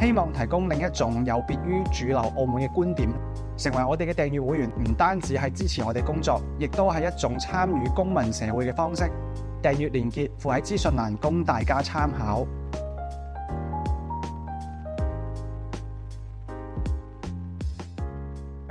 希望提供另一種有別於主流澳門嘅觀點，成為我哋嘅訂閱會員，唔單止係支持我哋工作，亦都係一種參與公民社會嘅方式。訂閱連結附喺資訊欄，供大家參考。誒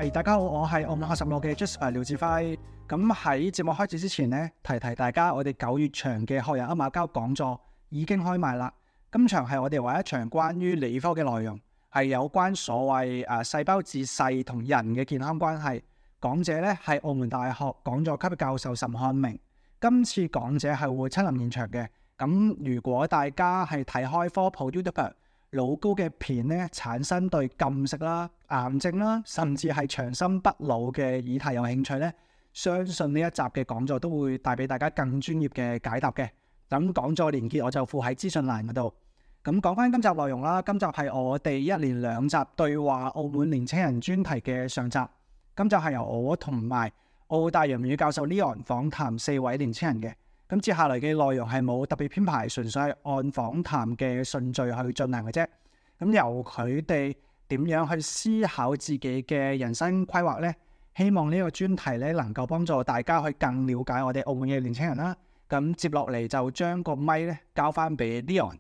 ，hey, 大家好，我係澳門學十六嘅 Jasper 廖志輝。咁喺節目開始之前呢，提提大家，我哋九月場嘅學人噏馬交講座已經開賣啦。今場係我哋話一場關於理科嘅內容，係有關所謂誒、啊、細胞自噬同人嘅健康關係。講者咧係澳門大學講座級教授沈漢明。今次講者係會親臨現場嘅。咁如果大家係睇開科普 YouTube 老高嘅片咧，產生對禁食啦、癌症啦，甚至係長生不老嘅議題有興趣咧，相信呢一集嘅講座都會帶俾大家更專業嘅解答嘅。咁講座連結我就附喺資訊欄嗰度。咁講翻今集內容啦，今集係我哋一連兩集對話澳門年青人專題嘅上集，今集係由我同埋澳大楊鳴宇教授 Leon 訪談四位年青人嘅。咁接下來嘅內容係冇特別編排，純粹係按訪談嘅順序去進行嘅啫。咁由佢哋點樣去思考自己嘅人生規劃呢？希望呢個專題咧能夠幫助大家去更了解我哋澳門嘅年青人啦。咁接落嚟就將個咪咧交翻俾 Leon。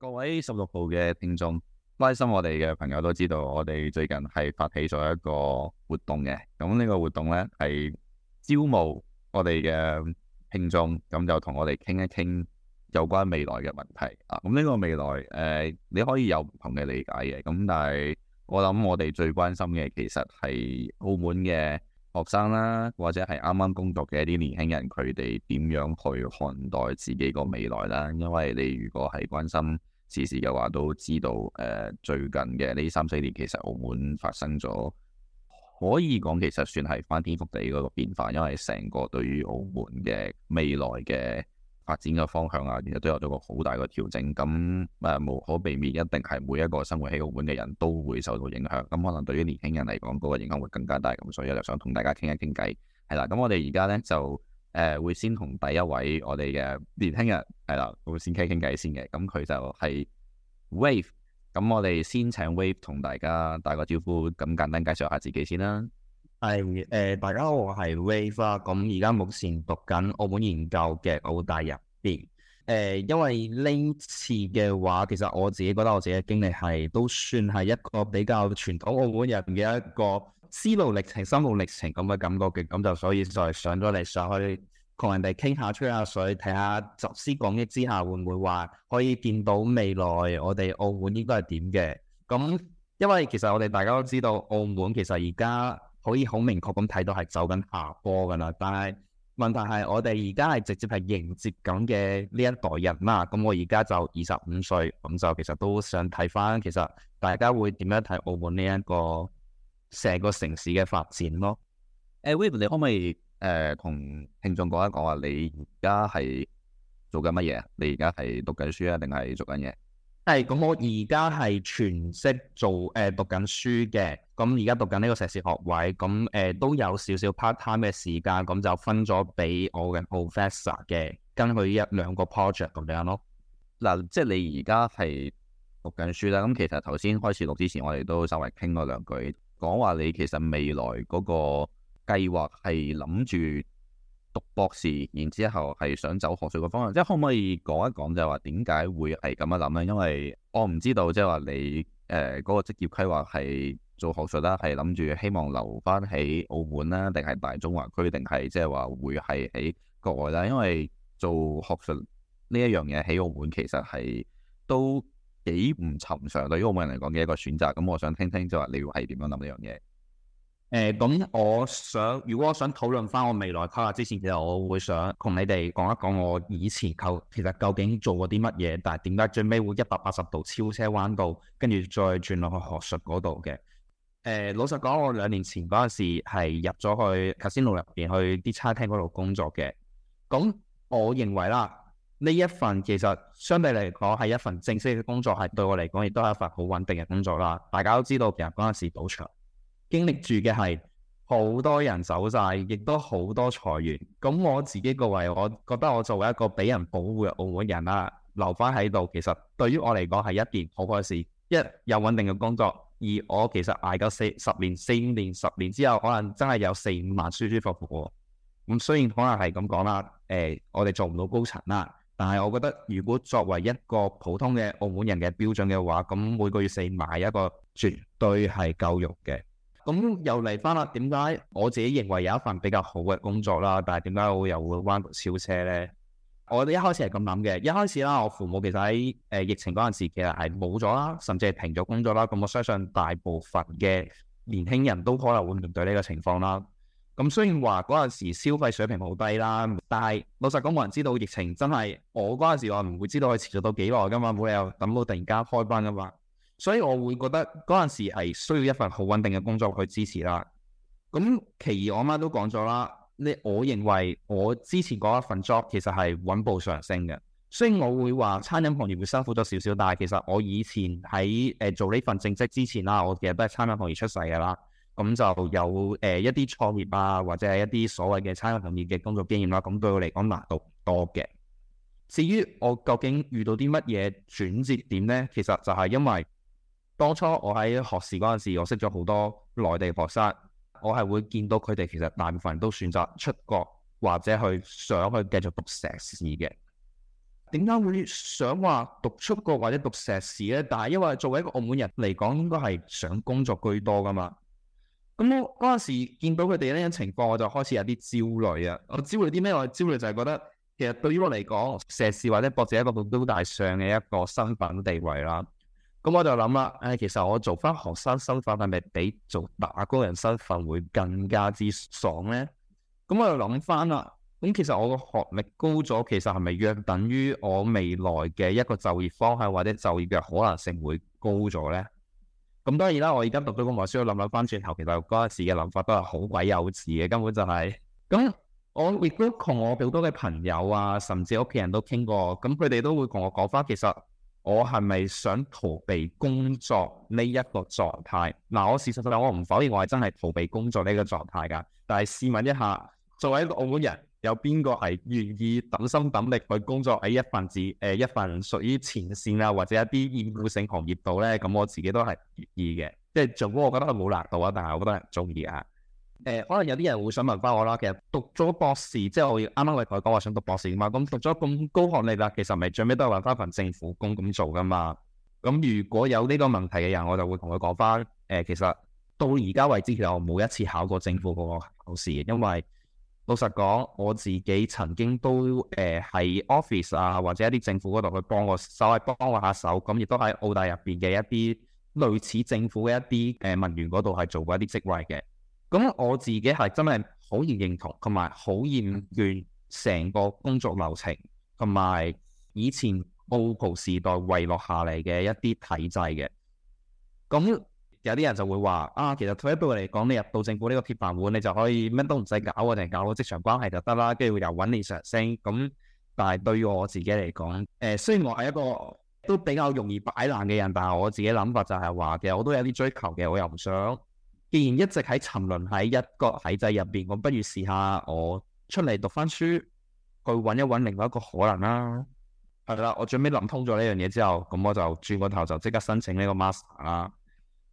各位十六號嘅聽眾，關心我哋嘅朋友都知道，我哋最近係發起咗一個活動嘅。咁呢個活動咧係招募我哋嘅聽眾，咁就同我哋傾一傾有關未來嘅問題啊。咁呢個未來誒、呃，你可以有唔同嘅理解嘅。咁但係我諗我哋最關心嘅其實係澳門嘅學生啦，或者係啱啱工作嘅一啲年輕人，佢哋點樣去看待自己個未來啦？因為你如果係關心，時時嘅話都知道，誒、呃、最近嘅呢三四年其實澳門發生咗，可以講其實算係翻天覆地嗰個變化，因為成個對於澳門嘅未來嘅發展嘅方向啊，其實都有咗個好大嘅調整。咁誒、呃、無可避免，一定係每一個生活喺澳門嘅人都會受到影響。咁可能對於年輕人嚟講，嗰、那個影響會更加大。咁所以我就想同大家傾一傾偈，係啦。咁我哋而家咧就。誒，會先同第一位我哋嘅年輕人係啦，會先傾傾偈先嘅。咁佢就係 Wave，咁我哋先請 Wave 同大家打個招呼，咁簡單介紹下自己先啦。係誒、哎呃，大家好，我係 Wave 啊。咁而家目前讀緊澳門研究嘅澳大入邊。誒、呃，因為呢次嘅話，其實我自己覺得我自己嘅經歷係都算係一個比較傳統澳門人嘅一個。思路歷程、心路歷程咁嘅感覺嘅，咁就所以就上咗嚟上去，同人哋傾下吹下水，睇下集思廣益之下會唔會話可以見到未來我哋澳門應該係點嘅？咁因為其實我哋大家都知道，澳門其實而家可以好明確咁睇到係走緊下坡噶啦。但係問題係我哋而家係直接係迎接緊嘅呢一代人啦。咁我而家就二十五歲，咁就其實都想睇翻，其實大家會點樣睇澳門呢一個成個城市嘅發展咯。誒、uh, 喂，威伯、呃，你可唔可以誒同聽眾講一講啊？你而家係做緊乜嘢啊？你而家係讀緊書啊，定係做緊嘢？係咁、嗯，我而家係全職做誒、呃、讀緊書嘅。咁而家讀緊呢個碩士學位。咁、嗯、誒、呃、都有少少 part time 嘅時間，咁、嗯、就分咗俾我嘅 professor 嘅，跟佢一兩個 project 咁樣咯。嗱、嗯，即係你而家係讀緊書啦。咁、嗯、其實頭先開始錄之前，我哋都稍微傾過兩句。講話你其實未來嗰個計劃係諗住讀博士，然之後係想走學術嘅方向，即係可唔可以講一講就係話點解會係咁樣諗咧？因為我唔知道即係話你誒嗰、呃嗰個職業規劃係做學術啦，係諗住希望留翻喺澳門啦，定係大中華區，定係即係話會係喺國外啦？因為做學術呢一樣嘢喺澳門其實係都幾唔尋常，對於澳門人嚟講嘅一個選擇，咁我想聽聽就話你會係點樣諗呢樣嘢？誒、呃，咁我想如果我想討論翻我未來規劃之前，其實我會想同你哋講一講我以前求其實究竟做過啲乜嘢，但係點解最尾會一百八十度超車彎道，跟住再轉落去學術嗰度嘅？誒、呃，老實講，我兩年前嗰陣時係入咗去 casino 入邊去啲餐廳嗰度工作嘅。咁我認為啦。呢一份其實相對嚟講係一份正式嘅工作，係對我嚟講亦都係一份好穩定嘅工作啦。大家都知道，其實嗰陣時賭場經歷住嘅係好多人走晒，亦都好多裁員。咁我自己個位，我覺得我作為一個俾人保護嘅澳門人啦、啊，留翻喺度，其實對於我嚟講係一件好開事。一有穩定嘅工作，二我其實捱夠四十年、四五年、十年之後，可能真係有四五萬舒舒服服。咁雖然可能係咁講啦，誒、欸，我哋做唔到高層啦、啊。但係，我覺得如果作為一個普通嘅澳門人嘅標準嘅話，咁每個月四萬一個，絕對係夠肉嘅。咁又嚟返啦，點解我自己認為有一份比較好嘅工作啦？但係點解我又會彎道超車呢？我哋一開始係咁諗嘅，一開始啦，我父母其實喺疫情嗰陣時，其實係冇咗啦，甚至係停咗工作啦。咁我相信大部分嘅年輕人都可能會面對呢個情況啦。咁雖然話嗰陣時消費水平好低啦，但係老實講，冇人知道疫情真係我嗰陣時，我唔會知道佢持續到幾耐噶嘛，冇理由等到突然間開班噶嘛。所以我會覺得嗰陣時係需要一份好穩定嘅工作去支持啦。咁其二，我媽媽都講咗啦呢，我認為我之前嗰一份 job 其實係穩步上升嘅，雖然我會話餐飲行業會辛苦咗少少，但係其實我以前喺誒做呢份正職之前啦，我其實都係餐飲行業出世噶啦。咁就有誒、呃、一啲創業啊，或者係一啲所謂嘅餐飲行業嘅工作經驗啦、啊。咁對我嚟講難度唔多嘅。至於我究竟遇到啲乜嘢轉折點呢？其實就係因為當初我喺學士嗰陣時，我識咗好多內地學生，我係會見到佢哋其實大部分人都選擇出國或者去想去繼續讀碩士嘅。點解會想話讀出國或者讀碩士呢？但係因為作為一個澳門人嚟講，應該係想工作居多噶嘛。咁我嗰陣時見到佢哋呢種情況，我就開始有啲焦慮啊！我焦慮啲咩？我焦慮就係覺得，其實對於我嚟講，碩士或者博士一個高大上嘅一個身份地位啦。咁、嗯、我就諗啦，誒、哎，其實我做翻學生身份係咪比做打工人身份會更加之爽咧？咁、嗯、我就諗翻啦，咁其實我個學歷高咗，其實係咪約等於我未來嘅一個就業方向或者就業嘅可能性會高咗咧？咁當然啦，我而家讀咗本文學書，諗諗翻轉頭，其實嗰陣時嘅諗法都係好鬼幼稚嘅，根本就係、是、咁。我 r e 同我好多嘅朋友啊，甚至屋企人都傾過，咁佢哋都會同我講翻，其實我係咪想逃避工作呢一個狀態？嗱，我事實上我唔否認我係真係逃避工作呢個狀態㗎。但係試問一下，作為一個澳門人，有邊個係願意等心等力去工作喺一份子，誒、呃、一份屬於前線啊，或者一啲厭惡性行業度咧？咁我自己都係願意嘅，即係做我覺得係冇難度啊，但係我覺得係中意啊。誒、呃，可能有啲人會想問翻我啦，其實讀咗博士，即係我啱啱我同佢講話想讀博士嘛，咁讀咗咁高學歷啦，其實咪最尾都係揾翻份政府工咁做噶嘛。咁如果有呢個問題嘅人，我就會同佢講翻誒、呃，其實到而家為止其實我冇一次考過政府嗰個考試，因為。老實講，我自己曾經都誒喺 office 啊，或者一啲政府嗰度去幫我稍為幫我下手，咁、嗯、亦都喺澳大入邊嘅一啲類似政府嘅一啲誒文員嗰度係做過一啲職位嘅。咁、嗯、我自己係真係好唔認同，同埋好厭倦成個工作流程，同埋以前澳葡時代遺落下嚟嘅一啲體制嘅。咁、嗯有啲人就會話啊，其實退一步嚟講，你入到政府呢個鐵飯碗，你就可以乜都唔使搞，我哋搞到職場關係就得啦。跟住又揾你上升咁。但係對於我自己嚟講，誒、呃、雖然我係一個都比較容易擺爛嘅人，但係我自己諗法就係話，其實我都有啲追求嘅，我又唔想既然一直喺沉淪喺一個體制入邊，我不如試下我出嚟讀翻書去揾一揾另外一個可能啦。係啦，我最尾諗通咗呢樣嘢之後，咁我就轉個頭就即刻申請呢個 master 啦。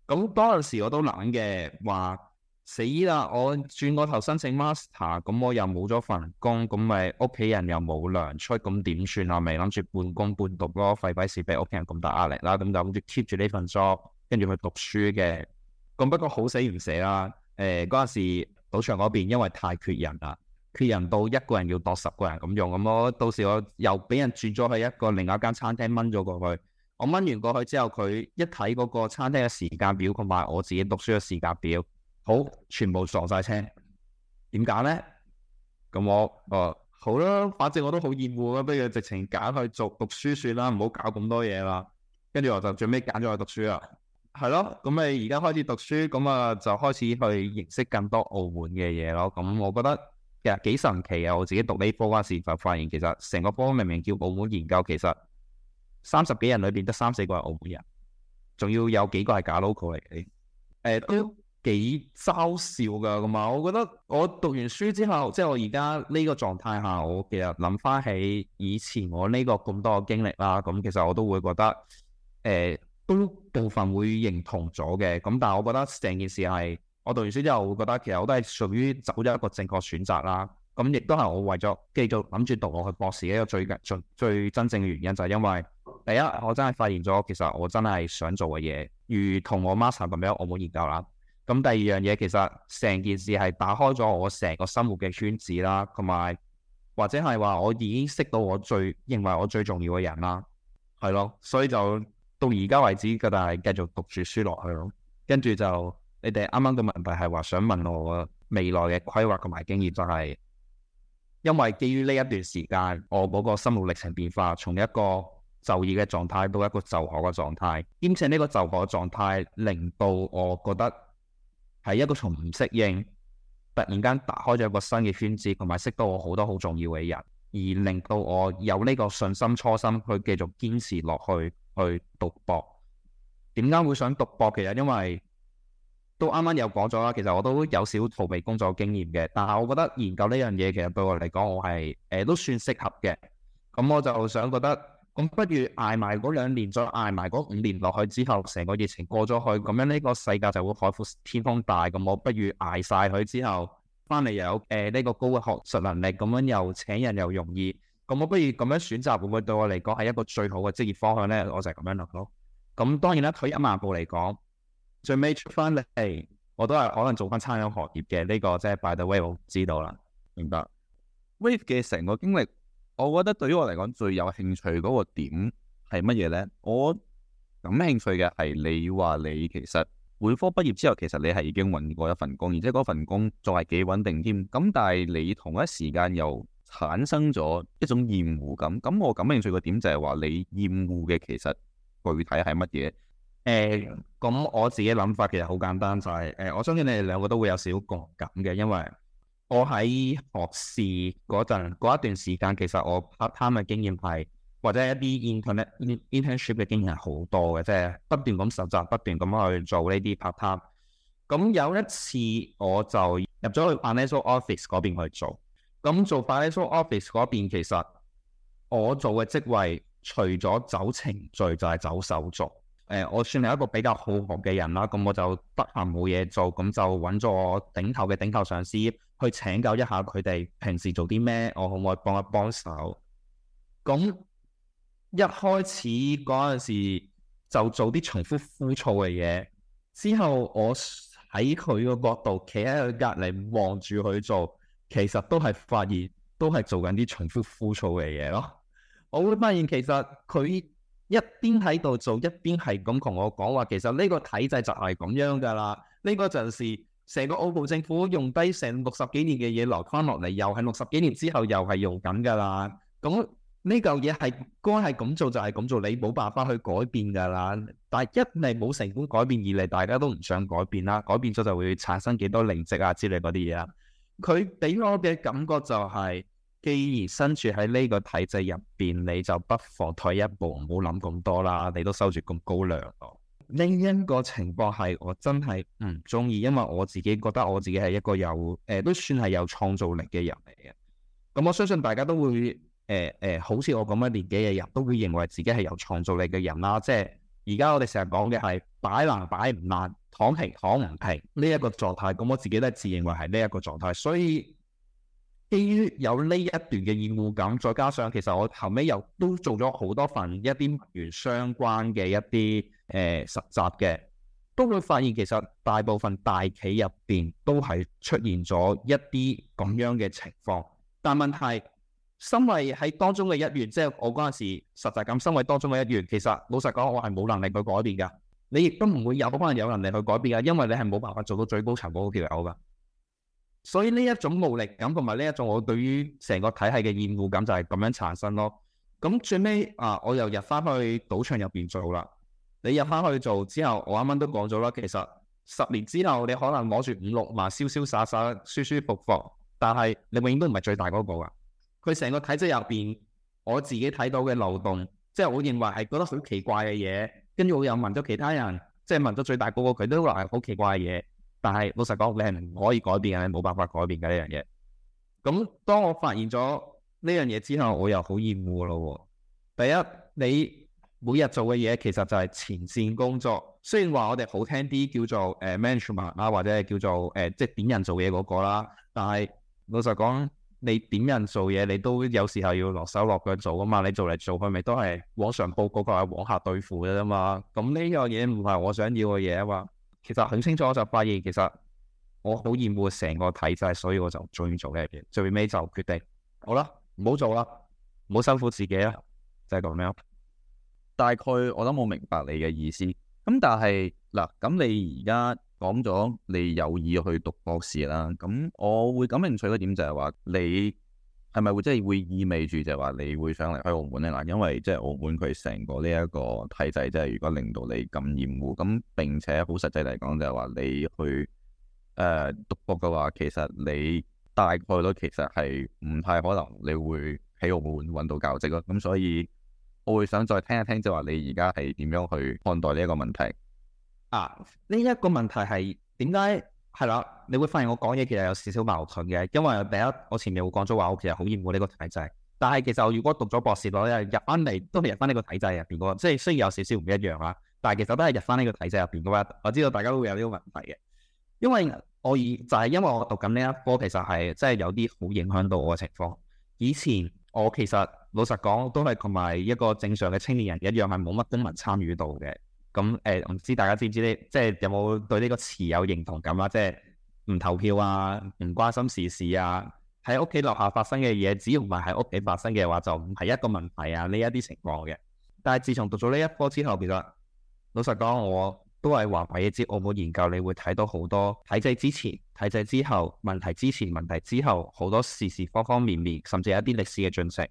咁嗰、嗯、時我都懶嘅，話死啦！我轉個頭申請 master，咁、嗯、我又冇咗份工，咁、嗯、咪屋企人又冇糧出，咁點算，我咪諗住半工半讀咯，費鬼事俾屋企人咁大壓力啦。咁就諗住 keep 住呢份 job，跟住去讀書嘅。咁、嗯、不過好死唔死啦。誒，嗰陣時賭場嗰邊因為太缺人啦，缺人到一個人要度十個人咁用，咁、嗯、我到時我又俾人轉咗去一個另外一間餐廳掹咗過去。我掹完過去之後，佢一睇嗰個餐廳嘅時間表，同埋我自己讀書嘅時間表，好全部撞晒車。點解呢？咁我哦好啦，反正我都好厭惡，不如直情揀去做讀書算啦，唔好搞咁多嘢啦。跟住我就最尾揀咗去讀書啊。係咯，咁咪而家開始讀書，咁啊就開始去認識更多澳門嘅嘢咯。咁我覺得其實幾神奇啊！我自己讀呢科嗰時就發現，其實成個科明明叫澳門研究，其實～三十幾人裏邊得三四個係澳門人，仲要有幾個係假 local 嚟嘅。誒、欸、都幾嘲笑㗎咁啊！我覺得我讀完書之後，即係我而家呢個狀態下，我其實諗翻起以前我呢個咁多嘅經歷啦，咁、嗯、其實我都會覺得誒、欸、都部分會認同咗嘅。咁、嗯、但係我覺得成件事係我讀完書之後會覺得其實我都係屬於走咗一個正確選擇啦。咁、嗯、亦都係我為咗繼續諗住讀落去博士嘅一個最緊最最真正嘅原因，就係因為。第一，我真係發現咗，其實我真係想做嘅嘢，如同我 master 咁樣，我冇研究啦。咁第二樣嘢，其實成件事係打開咗我成個生活嘅圈子啦，同埋或者係話我已經識到我最認為我最重要嘅人啦，係咯。所以就到而家為止，佢但係繼續讀住書落去咯。跟住就你哋啱啱嘅問題係話想問我未來嘅規劃同埋經驗，就係，就係因為基於呢一段時間，我嗰個生活歷程變化，從一個就業嘅狀態到一個就學嘅狀態，兼且呢個就學嘅狀態令到我覺得係一個從唔適應突然間打開咗一個新嘅圈子，同埋識到我好多好重要嘅人，而令到我有呢個信心初心去繼續堅持落去去讀博。點解會想讀博？其實因為都啱啱有講咗啦，其實我都有少少逃避工作經驗嘅，但係我覺得研究呢樣嘢其實對我嚟講，我係誒都算適合嘅。咁我就想覺得。咁不如捱埋嗰兩年，再捱埋嗰五年落去之後，成個疫情過咗去，咁樣呢個世界就會海闊天空大咁。我不如捱晒佢之後，翻嚟又有誒呢、呃這個高嘅學術能力，咁樣又請人又容易。咁我不如咁樣選擇，會唔會對我嚟講係一個最好嘅職業方向咧？我就係咁樣落咯。咁當然啦，退一萬步嚟講，最尾出翻嚟，我都係可能做翻餐飲行業嘅呢、這個。即係 by the way，我知道啦，明白。Wave 嘅成個經歷。我覺得對於我嚟講最有興趣嗰個點係乜嘢呢？我感興趣嘅係你話你其實本科畢業之後，其實你係已經揾過一份工，而且嗰份工仲係幾穩定添。咁但係你同一時間又產生咗一種厭惡感。咁我感興趣個點就係話你厭惡嘅其實具體係乜嘢？誒、欸，咁我自己諗法其實好簡單就係，欸，我相信你哋兩個都會有少少共感嘅，因為。我喺學士嗰陣，嗰一段時間，其實我 part time 嘅經驗係，或者一啲 internship 嘅經驗係好多嘅，即係不斷咁實習，不斷咁去做呢啲 part time。咁、嗯、有一次我就入咗去 financial office 嗰邊去做。咁、嗯、做 financial office 嗰邊，其實我做嘅職位除咗走程序就係、是、走手續。誒、呃，我算係一個比較好學嘅人啦，咁、嗯、我就得閒冇嘢做，咁、嗯、就揾咗我頂頭嘅頂頭上司。去請教一下佢哋平時做啲咩，我可唔可以幫一幫手？咁一開始嗰陣時就做啲重複枯燥嘅嘢，之後我喺佢個角度，企喺佢隔離望住佢做，其實都係發現都係做緊啲重複枯燥嘅嘢咯。我會發現其實佢一邊喺度做，一邊係咁同我講話，其實呢個體制就係咁樣噶啦。呢個就係。成個澳葡政府用低成六十幾年嘅嘢留翻落嚟，又係六十幾年之後又係用緊噶啦。咁呢嚿嘢係應該係咁做就係咁做，你冇辦法去改變噶啦。但係一嚟冇成功改變，二嚟大家都唔想改變啦。改變咗就會產生幾多利益啊之類嗰啲嘢。佢俾我嘅感覺就係，既然身處喺呢個體制入邊，你就不妨退一步，唔好諗咁多啦。你都收住咁高糧。另一個情況係我真係唔中意，因為我自己覺得我自己係一個有誒、呃，都算係有創造力嘅人嚟嘅。咁、嗯、我相信大家都會誒誒、呃呃，好似我咁嘅年紀嘅人都會認為自己係有創造力嘅人啦。即係而家我哋成日講嘅係擺爛擺唔爛，躺平躺唔平呢一個狀態。咁、嗯、我自己都係自認為係呢一個狀態，所以。.基於有呢一段嘅厭惡感，再加上其實我後尾又都做咗好多份一啲文員相關嘅一啲誒、呃、實習嘅，都會發現其實大部分大企入邊都係出現咗一啲咁樣嘅情況。但問題，身為喺當中嘅一員，即、就、係、是、我嗰陣時實習咁身為當中嘅一員，其實老實講我係冇能力去改變嘅。你亦都唔會有可能有能力去改變嘅，因為你係冇辦法做到最高層嗰個條友。所以呢一種無力感同埋呢一種我對於成個體系嘅厭惡感就係咁樣產生咯。咁最尾啊，我又入翻去賭場入邊做啦。你入翻去做之後，我啱啱都講咗啦，其實十年之後你可能攞住五六萬，瀟瀟灑灑，舒舒服服，但係你永遠都唔係最大嗰個啊。佢成個體質入邊，我自己睇到嘅漏洞，即係我認為係覺得好奇怪嘅嘢。跟住我又問咗其他人，即係問咗最大嗰個，佢都話係好奇怪嘅嘢。但係老實講，你係唔可以改變，你冇辦法改變嘅呢樣嘢。咁當我發現咗呢樣嘢之後，我又好厭惡咯。第一，你每日做嘅嘢其實就係前線工作，雖然話我哋好聽啲叫做誒、呃、management 啊，或者係叫做誒、呃、即係點人做嘢嗰、那個啦。但係老實講，你點人做嘢，你都有時候要落手落腳做噶嘛。你做嚟做去，咪都係往上報告、那個，佢係往下對付嘅啫嘛。咁呢樣嘢唔係我想要嘅嘢啊嘛。其實很清楚，我就發現其實我好厭惡成個體制，所以我就最尾做呢樣嘢，最尾就決定好啦，唔好做啦，唔好辛苦自己啦，就係咁樣。大概我都冇明白你嘅意思，咁但係嗱，咁你而家講咗你有意去讀博士啦，咁我會感興趣嘅點就係話你，係咪會即係會意味住就係話你會想離開澳門咧？嗱，因為即係澳門佢成個呢一個體制，即係如果令到你咁厭惡，咁並且好實際嚟講，就係話你去誒、呃、讀博嘅話，其實你大概率其實係唔太可能你會喺澳門揾到教職咯。咁所以，我會想再聽一聽，就係話你而家係點樣去看待呢一個問題？啊，呢、這、一個問題係點解？係啦，你會發現我講嘢其實有少少矛盾嘅，因為第一我前面會講咗話，我其實好厭惡呢個體制，但係其實我如果讀咗博士，我又入翻嚟都係入翻呢個體制入邊個，即係雖然有少少唔一樣啦，但係其實都係入翻呢個體制入邊噶嘛。我知道大家都會有呢個問題嘅，因為我而就係、是、因為我讀緊呢一科，其實係真係有啲好影響到我嘅情況。以前我其實老實講，都係同埋一個正常嘅青年人一樣，係冇乜公民參與度嘅。咁誒，唔、嗯、知大家知唔知呢？即係有冇對呢個詞有認同感啊？即係唔投票啊，唔關心時事啊，喺屋企樓下發生嘅嘢，只要唔係喺屋企發生嘅話，就唔係一個問題啊。呢一啲情況嘅。但係自從讀咗呢一科之後，其實老實講，我都係話，畀你知，我冇研究，你會睇到好多體制之前、體制之後，問題之前、問題之後，好多時事方方面面，甚至有一啲歷史嘅進程。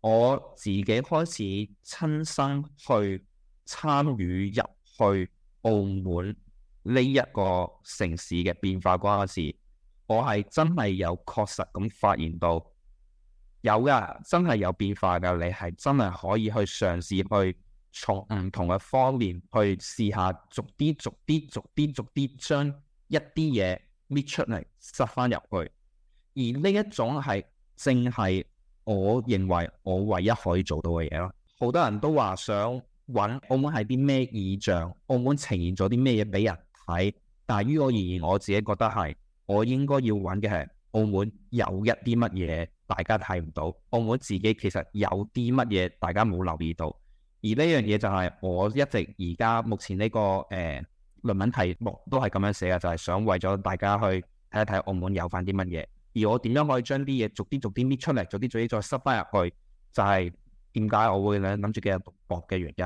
我自己開始親身去。參與入去澳門呢一個城市嘅變化關事，我係真係有確實咁發現到有噶，真係有變化噶。你係真係可以去嘗試去從唔同嘅方面去試下，逐啲逐啲逐啲逐啲將一啲嘢搣出嚟塞翻入去。而呢一種係正係我認為我唯一可以做到嘅嘢咯。好多人都話想。揾澳門係啲咩意象？澳門呈現咗啲咩嘢俾人睇？但係於我而言，我自己覺得係我應該要揾嘅係澳門有一啲乜嘢大家睇唔到，澳門自己其實有啲乜嘢大家冇留意到。而呢樣嘢就係我一直而家目前呢、這個誒、呃、論文題目都係咁樣寫嘅，就係、是、想為咗大家去睇一睇澳門有翻啲乜嘢，而我點樣可以將啲嘢逐啲逐啲搣出嚟，逐啲逐啲再塞翻入去，就係、是。點解我會咧諗住嘅讀博嘅原因？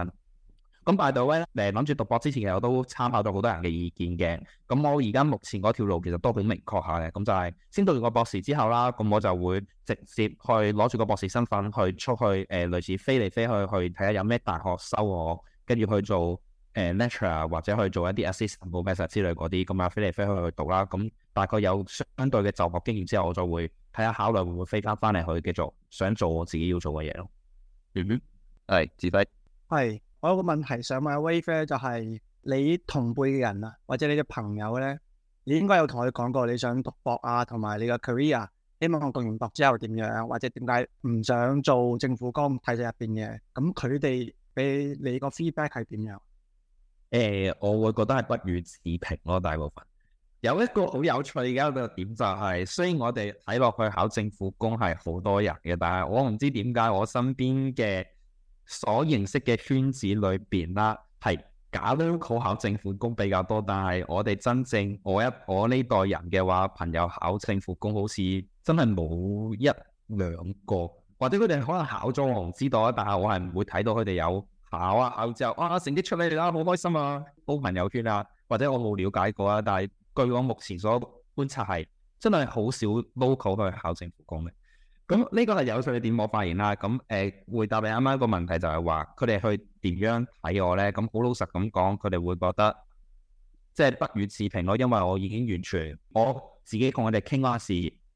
咁拜到威咧，誒諗住讀博之前嘅我都參考咗好多人嘅意見嘅。咁我而家目前嗰條路其實都好明確下嘅。咁就係先讀完個博士之後啦，咁我就會直接去攞住個博士身份去出去誒、呃，類似飛嚟飛去去睇下有咩大學收我，跟住去做誒、呃、lecturer 或者去做一啲 assistant professor 之類嗰啲咁啊，飛嚟飛去去讀啦。咁大概有相對嘅就博經驗之後，我就會睇下考慮會唔會飛翻翻嚟去繼續想做我自己要做嘅嘢咯。嗯哼，係志輝，係我有個問題想問威 fair 就係、是、你同輩嘅人啊，或者你嘅朋友咧，你應該有同佢講過你想讀博啊，同埋你嘅 career，希望我讀完博之後點樣，或者點解唔想做政府工體制入面嘅，咁佢哋俾你個 feedback 係點樣？誒、呃，我會覺得係不予置評咯、啊，大部分。有一個好有趣嘅一個點就係，雖然我哋睇落去考政府工係好多人嘅，但係我唔知點解我身邊嘅所認識嘅圈子裏邊啦，係假都好考政府工比較多，但係我哋真正我一我呢代人嘅話，朋友考政府工好似真係冇一兩個，或者佢哋可能考咗，我唔知道啊。但係我係唔會睇到佢哋有考啊考之後，哇、啊！成績出嚟啦，好開心啊 po 朋友圈啊，或者我冇了解過啊，但係。據我目前所觀察係，真係好少 local 去考政府工嘅。咁呢、這個係有趣嘅點我發現啦。咁誒、呃、回答你啱啱個問題就係話，佢哋去點樣睇我咧？咁好老實咁講，佢哋會覺得即係不予置評咯，因為我已經完全我自己同我哋傾嗰陣時，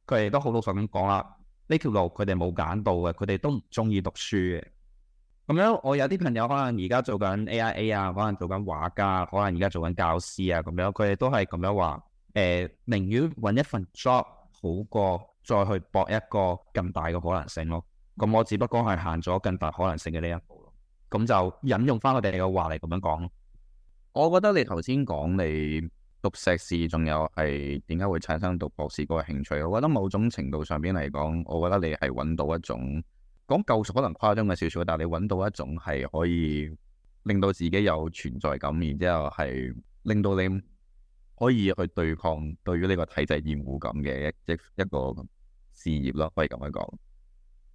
佢哋都好老實咁講啦。呢條路佢哋冇揀到嘅，佢哋都唔中意讀書嘅。咁樣，我有啲朋友可能而家做緊 A I A 啊，可能做緊畫家，可能而家做緊教師啊，咁樣佢哋都係咁樣話，誒、呃，寧願搵一份 job 好過再去搏一個更大嘅可能性咯。咁我只不過係行咗更大可能性嘅呢一步咯。咁就引用翻我哋嘅話嚟咁樣講咯。我覺得你頭先講你讀碩士，仲有係點解會產生讀博士嗰個興趣？我覺得某種程度上邊嚟講，我覺得你係搵到一種。講救贖，可能誇張嘅少少，但係你揾到一種係可以令到自己有存在感，然之後係令到你可以去對抗對於呢個體制厭惡感嘅一即一個事業咯，可以咁樣講。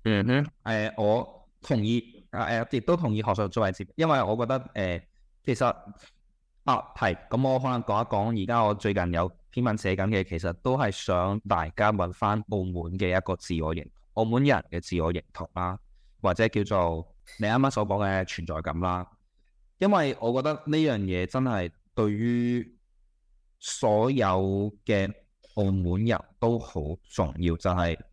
嗯哼，誒、呃，我同意，誒、呃，亦都同意學術作為接，因為我覺得誒、呃，其實啊係，咁我可能講一講而家我最近有篇文寫緊嘅，其實都係想大家揾翻澳門嘅一個自我型。澳門人嘅自我認同啦，或者叫做你啱啱所講嘅存在感啦，因為我覺得呢樣嘢真係對於所有嘅澳門人都好重要。就係、是、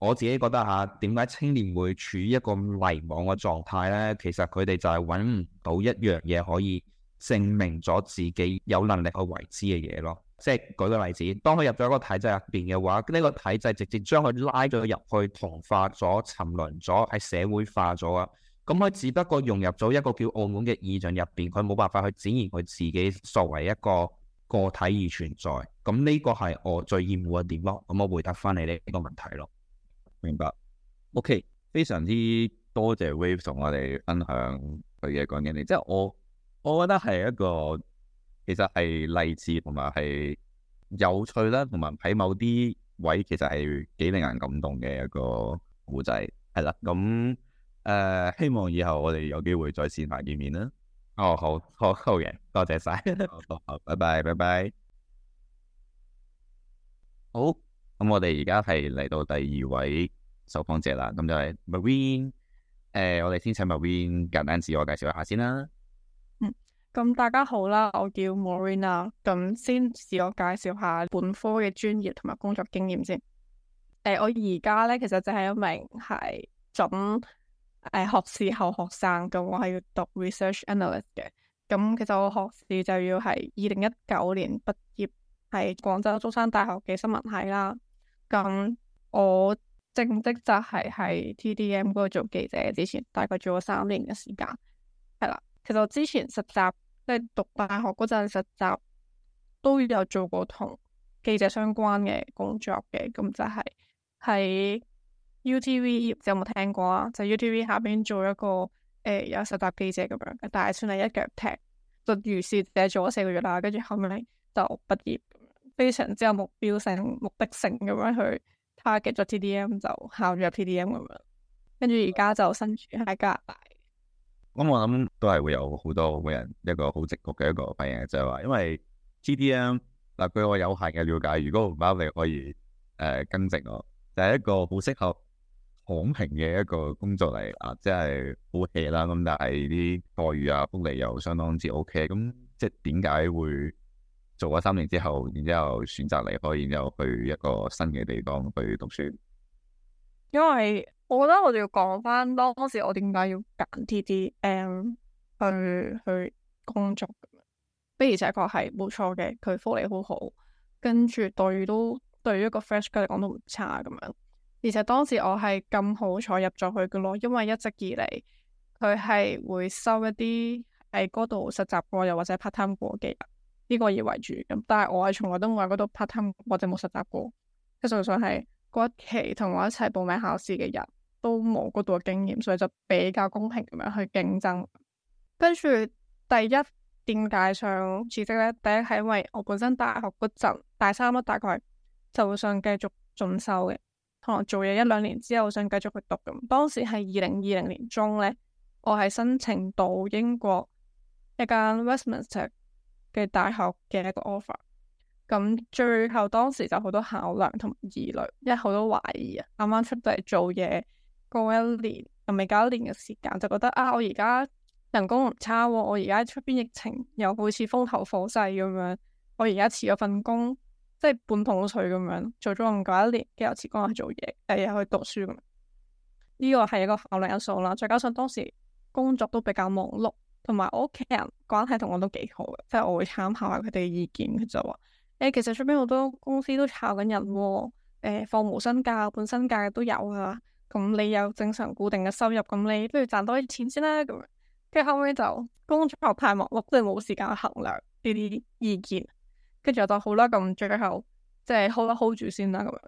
我自己覺得嚇，點解青年會處於一個迷茫嘅狀態咧？其實佢哋就係揾唔到一樣嘢可以證明咗自己有能力去維持嘅嘢咯。即係舉個例子，當佢入咗一個體制入邊嘅話，呢、這個體制直接將佢拉咗入去同化咗、沉淪咗，係社會化咗啊！咁、嗯、佢只不過融入咗一個叫澳門嘅意象入邊，佢冇辦法去展現佢自己作為一個個體而存在。咁、嗯、呢、這個係我最厭惡嘅點咯。咁、嗯、我回答翻你呢個問題咯。明白。OK，非常之多謝 WAVE 同我哋分享佢嘅觀點嚟，即係我我覺得係一個。其實係勵志同埋係有趣啦，同埋喺某啲位其實係幾令人感動嘅一個故仔，係啦。咁誒、呃，希望以後我哋有機會再綫下見面啦。哦，好好好嘅，多謝晒， 拜拜拜拜。好，咁我哋而家係嚟到第二位受訪者啦，咁就係 Marine、呃。誒，我哋先請 Marine 簡單自我介紹一下先啦。咁大家好啦，我叫 Marina，咁先自我介紹下本科嘅專業同埋工作經驗先。誒、欸，我而家咧其實就係一名係準誒、欸、學士後學生，咁我係要讀 research analyst 嘅。咁其實我學士就要係二零一九年畢業，係廣州中山大學嘅新聞系啦。咁我正職就係喺 TDM 度做記者，之前大概做咗三年嘅時間。係啦，其實我之前實習。即係讀大學嗰陣實習都有做過同記者相關嘅工作嘅，咁就係喺 UTV，唔知有冇聽過啊？就 UTV 下邊做一個誒，有實習記者咁樣，但係算係一腳踢，就如是者做咗四個月啦，跟住後尾呢就畢業，非常之有目標性、目的性咁樣去 target 咗 TDM 就考咗 TDM 咁樣，跟住而家就身處喺加拿大。咁、嗯、我諗都係會有好多嘅人一個好直覺嘅一個反應，就係話，因為 TDM 嗱、啊，據我有限嘅了解，如果唔包你可以誒、呃、更正我，就係、是、一個好適合躺平嘅一個工作嚟啊，即係好 hea 啦，咁、嗯、但係啲待遇啊，福利又相當之 OK，咁、嗯、即係點解會做咗三年之後，然之後選擇離開，然之後去一個新嘅地方去讀書？因為。我覺得我哋要講翻當當時我點解要揀 TDM 去去工作咁樣，的而且確係冇錯嘅，佢福利好好，跟住待遇都對於一個 fresh g 嚟講都唔差咁樣。而且當時我係咁好彩入咗去嘅咯，因為一直以嚟佢係會收一啲喺嗰度實習過又或者 part time 過嘅人呢，呢個以為主。咁但係我係從來都冇喺嗰度 part time 過或者冇實習過，即係純粹係嗰一期同我一齊報名考試嘅人。都冇嗰度嘅經驗，所以就比較公平咁樣去競爭。跟住，第一，點解想辭職咧，第一係因為我本身大學嗰陣大三，大概就會想繼續進修嘅，可能做嘢一兩年之後想繼續去讀。咁當時係二零二零年中咧，我係申請到英國一間 Westminster 嘅大學嘅一個 offer。咁最後當時就好多考量同疑慮，一好多懷疑啊，啱啱出到嚟做嘢。過一年又未，搞一年嘅時間就覺得啊，我而家人工唔差，哦。我而家出邊疫情又好似風頭火勢咁樣，我而家辭咗份工，即係半桶水咁樣做咗唔夠一年，跟住又辭工去做嘢，第、呃、日去讀書咁。呢個係一個考量因素啦。再加上當時工作都比較忙碌，同埋我屋企人關係同我都幾好嘅，即係我會參考下佢哋嘅意見。佢就話誒、欸，其實出邊好多公司都炒緊人，哦，誒、欸、放無薪假、半薪假都有啊。咁你有正常固定嘅收入，咁你都要賺多啲錢先啦。咁樣，跟住後尾就工作太忙碌，即係冇時間衡量呢啲意見。跟住又就好啦，咁最後即係 hold 一 hold 住先啦。咁樣，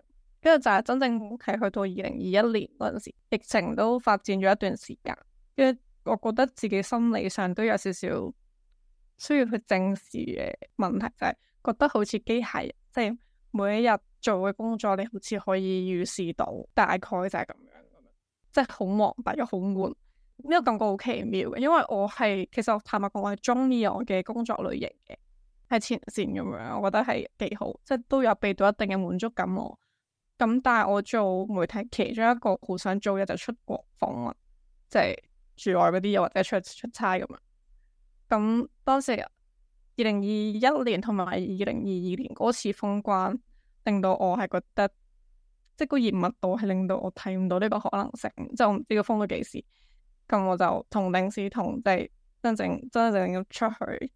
跟住就係真正係去到二零二一年嗰陣時，疫情都發展咗一段時間。跟住，我覺得自己心理上都有少少需要去正視嘅問題，就係、是、覺得好似機械即係、就是、每一日做嘅工作，你好似可以預示到大概就係咁即係好忙，但咗好悶，呢、這個感覺好奇妙嘅。因為我係其實坦白講，我係中意我嘅工作類型嘅，係前線咁樣，我覺得係幾好，即係都有俾到一定嘅滿足感我。咁但係我做媒體其中一個好想做嘅就出國訪問，即、就、係、是、住外嗰啲又或者出去出差咁樣。咁當時二零二一年同埋二零二二年嗰次封關，令到我係覺得。即係個嚴密度係令到我睇唔到呢個可能性。即係我唔知個封到幾時，咁我就同領事同即係真正真正要出去，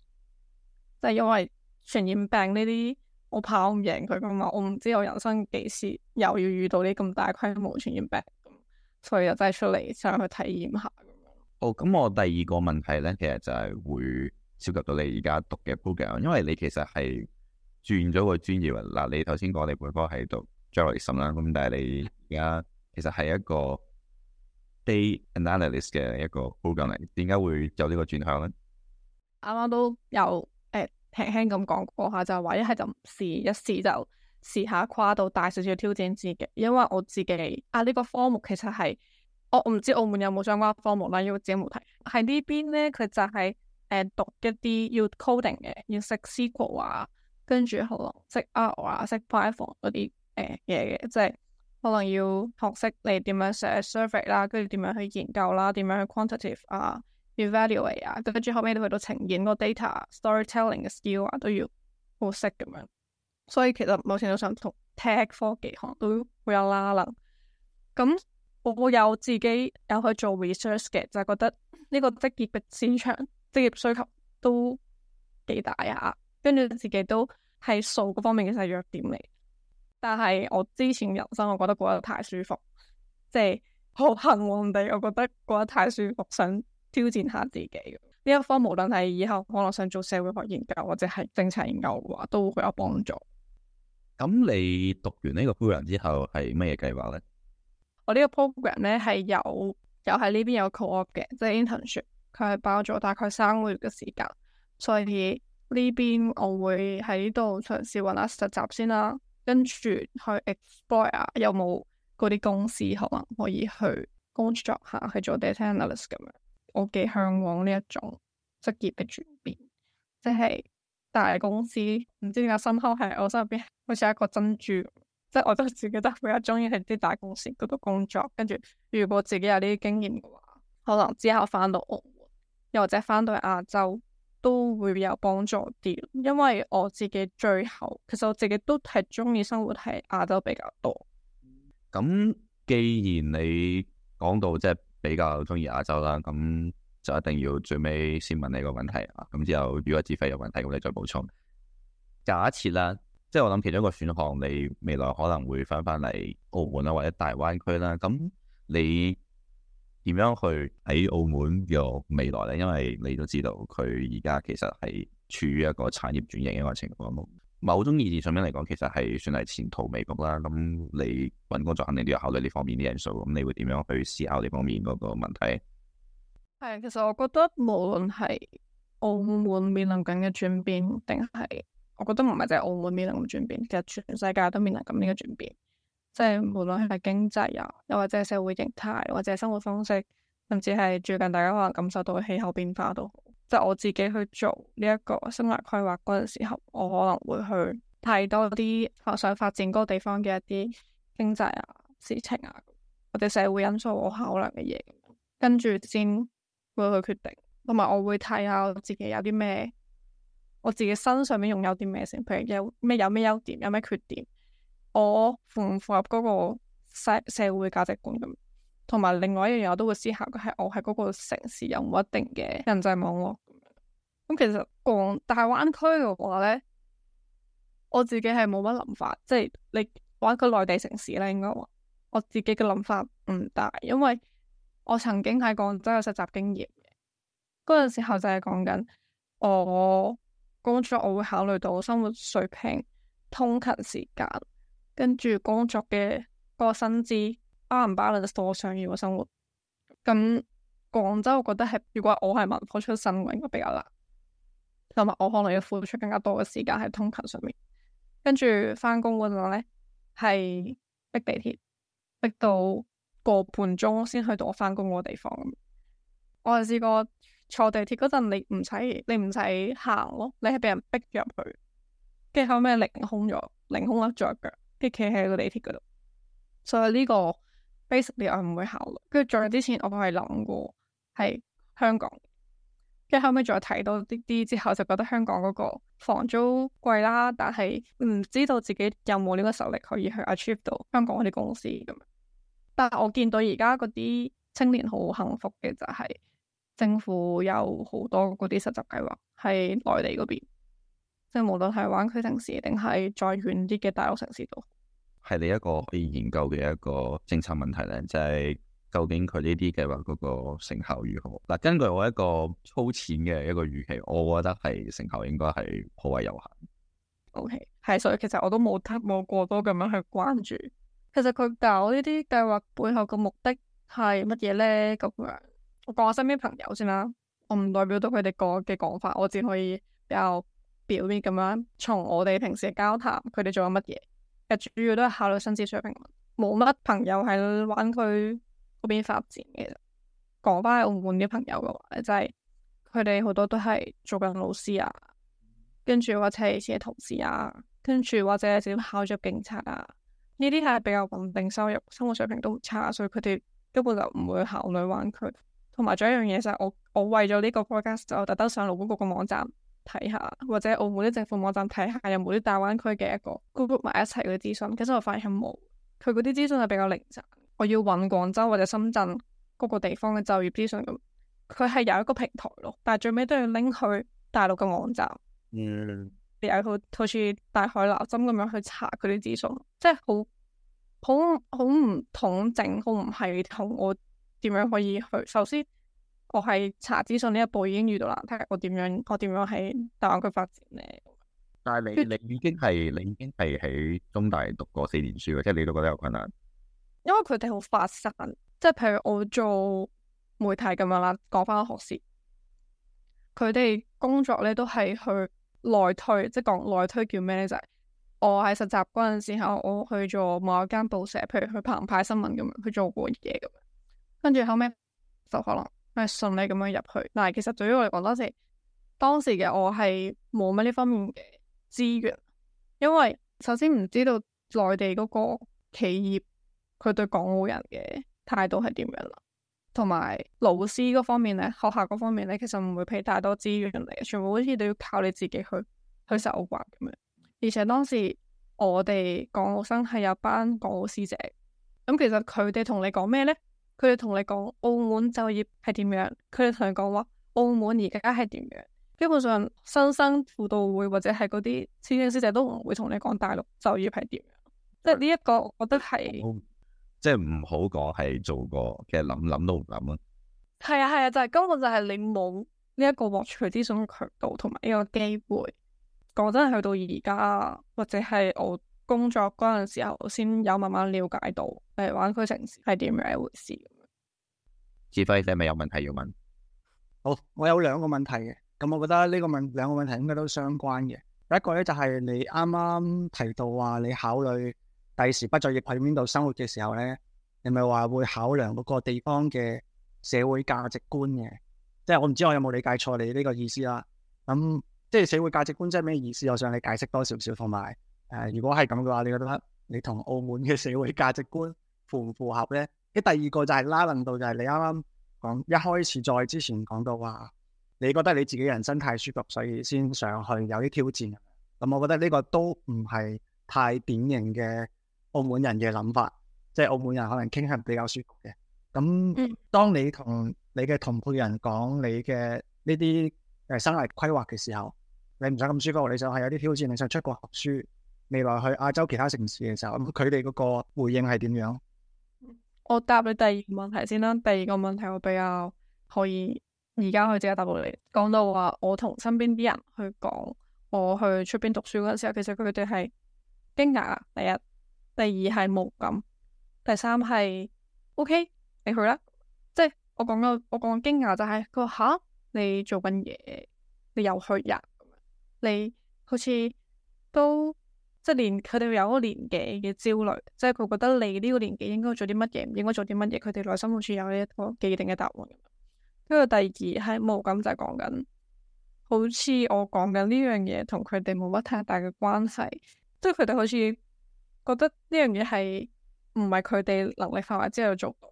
即係因為傳染病呢啲，我怕我唔贏佢㗎嘛，我唔知我人生幾時又要遇到啲咁大規模傳染病，咁所以就真係出嚟想去體驗下咁。哦，咁我第二個問題咧，其實就係會涉及到你而家讀嘅 program，因為你其實係轉咗個專業嗱，你頭先講你本科喺度 journalism 啦，咁但係你而家其實係一個 data analyst 嘅一個 program 嚟，點解會走呢個轉向咧？啱啱都有誒，輕輕咁講過下，就係話一係就試一試就試下跨到大，少少挑戰自己。因為我自己啊呢、這個科目其實係我唔知澳門有冇相關科目啦，因為自己冇睇喺呢邊咧，佢就係、是、誒、呃、讀一啲要 coding 嘅，要識 SQL 啊，跟住可能識 R 啊話識 Python 嗰啲。.誒嘢嘅，即係、就是、可能要學識你點樣寫 survey 啦，跟住點樣去研究啦，點樣去 quantitative 啊、uh，evaluate 啊，跟住後尾都去到呈現個 data storytelling 嘅 skill 啊，都要好識咁樣。所以其實某程度上同 tech 科技行都會有拉啦。咁我有自己有去做 research 嘅，就係、覺得呢個職業嘅市場職業需求都幾大啊。跟住自己都係數嗰方面嘅細弱點嚟。但係我之前人生，我覺得過得太舒服，即係好幸運地，我覺得過得太舒服，想挑戰下自己呢一方，無論係以後可能想做社會學研究或者係政策研究嘅話，都會有幫助。咁你讀完個呢個 program 之後係咩嘢計劃咧？我呢個 program 咧係有，又喺呢邊有，有 co-op 嘅，即係、就是、internship，佢係包咗大概三個月嘅時間，所以呢邊我會喺度嘗試搵下實習先啦。跟住去 Explore，有冇嗰啲公司可能可以去工作下，去做 data analyst 咁樣？我幾向往呢一種職業嘅轉變，即係大公司。唔知點解心口係我心入邊好似一個珍珠，即係我都自己都比較中意喺啲大公司嗰度工作。跟住如果自己有呢啲經驗嘅話，可能之後翻到澳門，又或者翻到亞洲。都會有幫助啲，因為我自己最後，其實我自己都係中意生活喺亞洲比較多。咁既然你講到即係比較中意亞洲啦，咁就一定要最尾先問你個問題啊。咁之後如果 Jasper 有問題，我哋再補充。假設啦，即係我諗其中一個選項，你未來可能會翻翻嚟澳門啦，或者大灣區啦，咁你。點樣去喺澳門嘅未來咧？因為你都知道佢而家其實係處於一個產業轉型嘅一個情況，某種意義上面嚟講，其實係算係前途未卜啦。咁你搵工作肯定都要考慮呢方面嘅因素。咁你會點樣去思考呢方面嗰個問題？係啊，其實我覺得無論係澳門面臨緊嘅轉變，定係我覺得唔係，就係澳門面臨緊嘅轉變，其實全世界都面臨緊呢個轉變。即係無論係經濟啊，又或者係社會形態，或者，或者係生活方式，甚至係最近大家可能感受到嘅氣候變化都好。即係我自己去做呢一個生涯規劃嗰陣時候，我可能會去睇多啲想發展嗰個地方嘅一啲經濟啊、事情啊、或者社會因素我考量嘅嘢，跟住先會去決定。同埋我會睇下我自己有啲咩，我自己身上面擁有啲咩先。譬如有咩有咩優點，有咩缺點。我符唔符合嗰個社社會價值觀咁，同埋另外一樣嘢我都會思考嘅係，我喺嗰個城市有冇一定嘅人際網絡。咁其實講大灣區嘅話咧，我自己係冇乜諗法，即係你話一個內地城市咧，應該話我自己嘅諗法唔大，因為我曾經喺廣州有實習經驗嘅，嗰陣時候就係講緊我工作，我會考慮到生活水平、通勤時間。跟住工作嘅嗰個薪資包唔包，balance 到我想要嘅生活。咁廣州我覺得係，如果我係文科出身，我應該比較難。同埋我可能要付出更加多嘅時間喺通勤上面。跟住翻工嗰陣咧，係逼地鐵，逼到個半鐘先去到我翻工個地方。我係試過坐地鐵嗰陣，你唔使你唔使行咯，你係俾人逼住入去。跟住後尾凌空咗，凌空甩咗一腳。即企喺個地鐵嗰度，所以呢、這個 basically 我唔會考慮。跟住再之前我係諗過係香港，跟住後尾再睇到啲啲之後就覺得香港嗰個房租貴啦，但係唔知道自己有冇呢個實力可以去 achieve 到香港嗰啲公司咁。但係我見到而家嗰啲青年好幸福嘅就係、是、政府有好多嗰啲實習計劃喺內地嗰邊。無論係灣區城市定係再遠啲嘅大陸城市，都係你一個可以研究嘅一個政策問題咧，就係究竟佢呢啲計劃嗰個成效如何？嗱，根據我一個粗淺嘅一個預期，我覺得係成效應該係頗為有限。OK，係所以其實我都冇得冇過多咁樣去關注。其實佢搞呢啲計劃背後嘅目的係乜嘢咧？咁樣我講我身邊朋友先啦，我唔代表到佢哋個嘅講法，我只可以比較。表面咁樣，從我哋平時嘅交談，佢哋做緊乜嘢？其實主要都係考慮薪資水平，冇乜朋友喺灣區嗰邊發展嘅。講返喺澳門啲朋友嘅話，就係佢哋好多都係做緊老師啊，跟住或者以前同事啊，跟住或者自己考咗警察啊，呢啲係比較穩定收入，生活水平都唔差，所以佢哋根本就唔會考慮灣區。同埋仲有一樣嘢就係我，我為咗呢個 podcast 就特登上勞工局嘅網站。睇下或者澳門啲政府網站睇下有冇啲大灣區嘅一個 Google 埋一齊嘅資訊，其實我發現係冇，佢嗰啲資訊係比較零散。我要搵廣州或者深圳各個地方嘅就業資訊咁，佢係有一個平台咯，但係最尾都要拎去大陸嘅網站，又好好似大海撈針咁樣去查佢啲資訊，即係好好好唔統整，好唔系統。我點樣可以去？首先。我係查資訊呢一步已經遇到難，睇下我點樣，我點樣喺大灣區發展咧？但係你你已經係你已經係喺中大讀過四年書嘅，即係你都覺得有困難？因為佢哋好發散，即係譬如我做媒體咁樣啦，講翻學時，佢哋工作咧都係去內推，即係講內推叫咩咧？就係我喺實習嗰陣時候，我去咗某一間報社，譬如去澎湃新聞咁樣去做過嘢咁，跟住後尾就可能。順利咁樣入去，但係其實對於我嚟講，當時當時嘅我係冇乜呢方面嘅資源，因為首先唔知道內地嗰個企業佢對港澳人嘅態度係點樣啦，同埋老師嗰方面咧，學校嗰方面咧，其實唔會俾太多資源嚟，全部好似都要靠你自己去去習慣咁樣。而且當時我哋港澳生係有班港澳師姐，咁、嗯、其實佢哋同你講咩咧？佢哋同你講澳門就業係點樣，佢哋同你講話澳門而家係點樣。基本上新生輔導會或者係嗰啲簽證師姐都唔會同你講大陸就業係點樣。即係呢一個，我覺得係即係唔好講係、就是、做過，其實諗諗都唔諗啊。係啊係啊，就係、是、根本就係你冇呢一個獲取資訊嘅渠道同埋呢個機會。講真，去到而家或者係我。工作嗰陣時候，先有慢慢了解到誒，灣區城市係點樣一回事咁樣。志輝，你係咪有問題要問？好，我有兩個問題嘅，咁、嗯、我覺得呢個問兩個問題應該都相關嘅。第一個咧就係、是、你啱啱提到話你考慮第時不再亦喺邊度生活嘅時候咧，你咪話會考量嗰個地方嘅社會價值觀嘅，即係我唔知我有冇理解錯你呢個意思啊？咁、嗯、即係社會價值觀即係咩意思？我想你解釋多少少，同埋。誒，如果係咁嘅話，你覺得你同澳門嘅社會價值觀符唔符合呢？啲第二個就係拉能到，就係你啱啱講一開始再之前講到話，你覺得你自己人生太舒服，所以先上去有啲挑戰。咁我覺得呢個都唔係太典型嘅澳門人嘅諗法，即係澳門人可能傾向比較舒服嘅。咁當你同你嘅同輩人講你嘅呢啲誒生涯規劃嘅時候，你唔想咁舒服，你想係有啲挑戰，你想出國讀書。未來去亞洲其他城市嘅時候，佢哋嗰個回應係點樣？我答你第二個問題先啦。第二個問題我比較可以，而家可以即刻答到你。講到話我同身邊啲人去講我去出邊讀書嗰陣時候，其實佢哋係驚訝，第一，第二係冇感，第三係 OK，你去啦。即係我講嘅，我講驚訝就係佢話，吓，你做緊嘢，你又去日，啊，你好似都。即係連佢哋有嗰年紀嘅焦慮，即係佢覺得你呢個年紀應該做啲乜嘢，唔應該做啲乜嘢，佢哋內心好似有呢一個既定嘅答案咁樣。跟住第二係冇，咁就係講緊，好似我講緊呢樣嘢同佢哋冇乜太大嘅關係，即係佢哋好似覺得呢樣嘢係唔係佢哋能力範圍之內做到，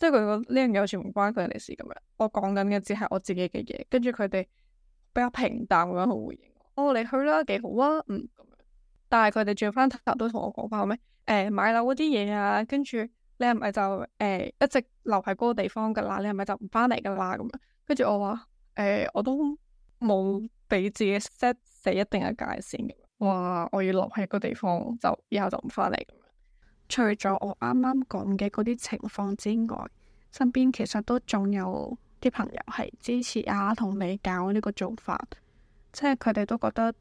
即係佢覺得呢樣嘢好似唔關佢哋事咁樣。我講緊嘅只係我自己嘅嘢，跟住佢哋比較平淡咁樣去回應我，我、哦、嚟去啦，幾好啊，嗯。但係佢哋轉翻頭都同我講翻咩？誒、欸，買樓嗰啲嘢啊，跟住你係咪就誒、欸、一直留喺嗰個地方噶啦？你係咪就唔翻嚟噶啦？咁樣，跟住我話誒，我都冇俾自己 set 死一定嘅界線嘅。哇，我要留喺個地方就以後就唔翻嚟。咁樣，除咗我啱啱講嘅嗰啲情況之外，身邊其實都仲有啲朋友係支持阿、啊、同你搞呢個做法，即係佢哋都覺得。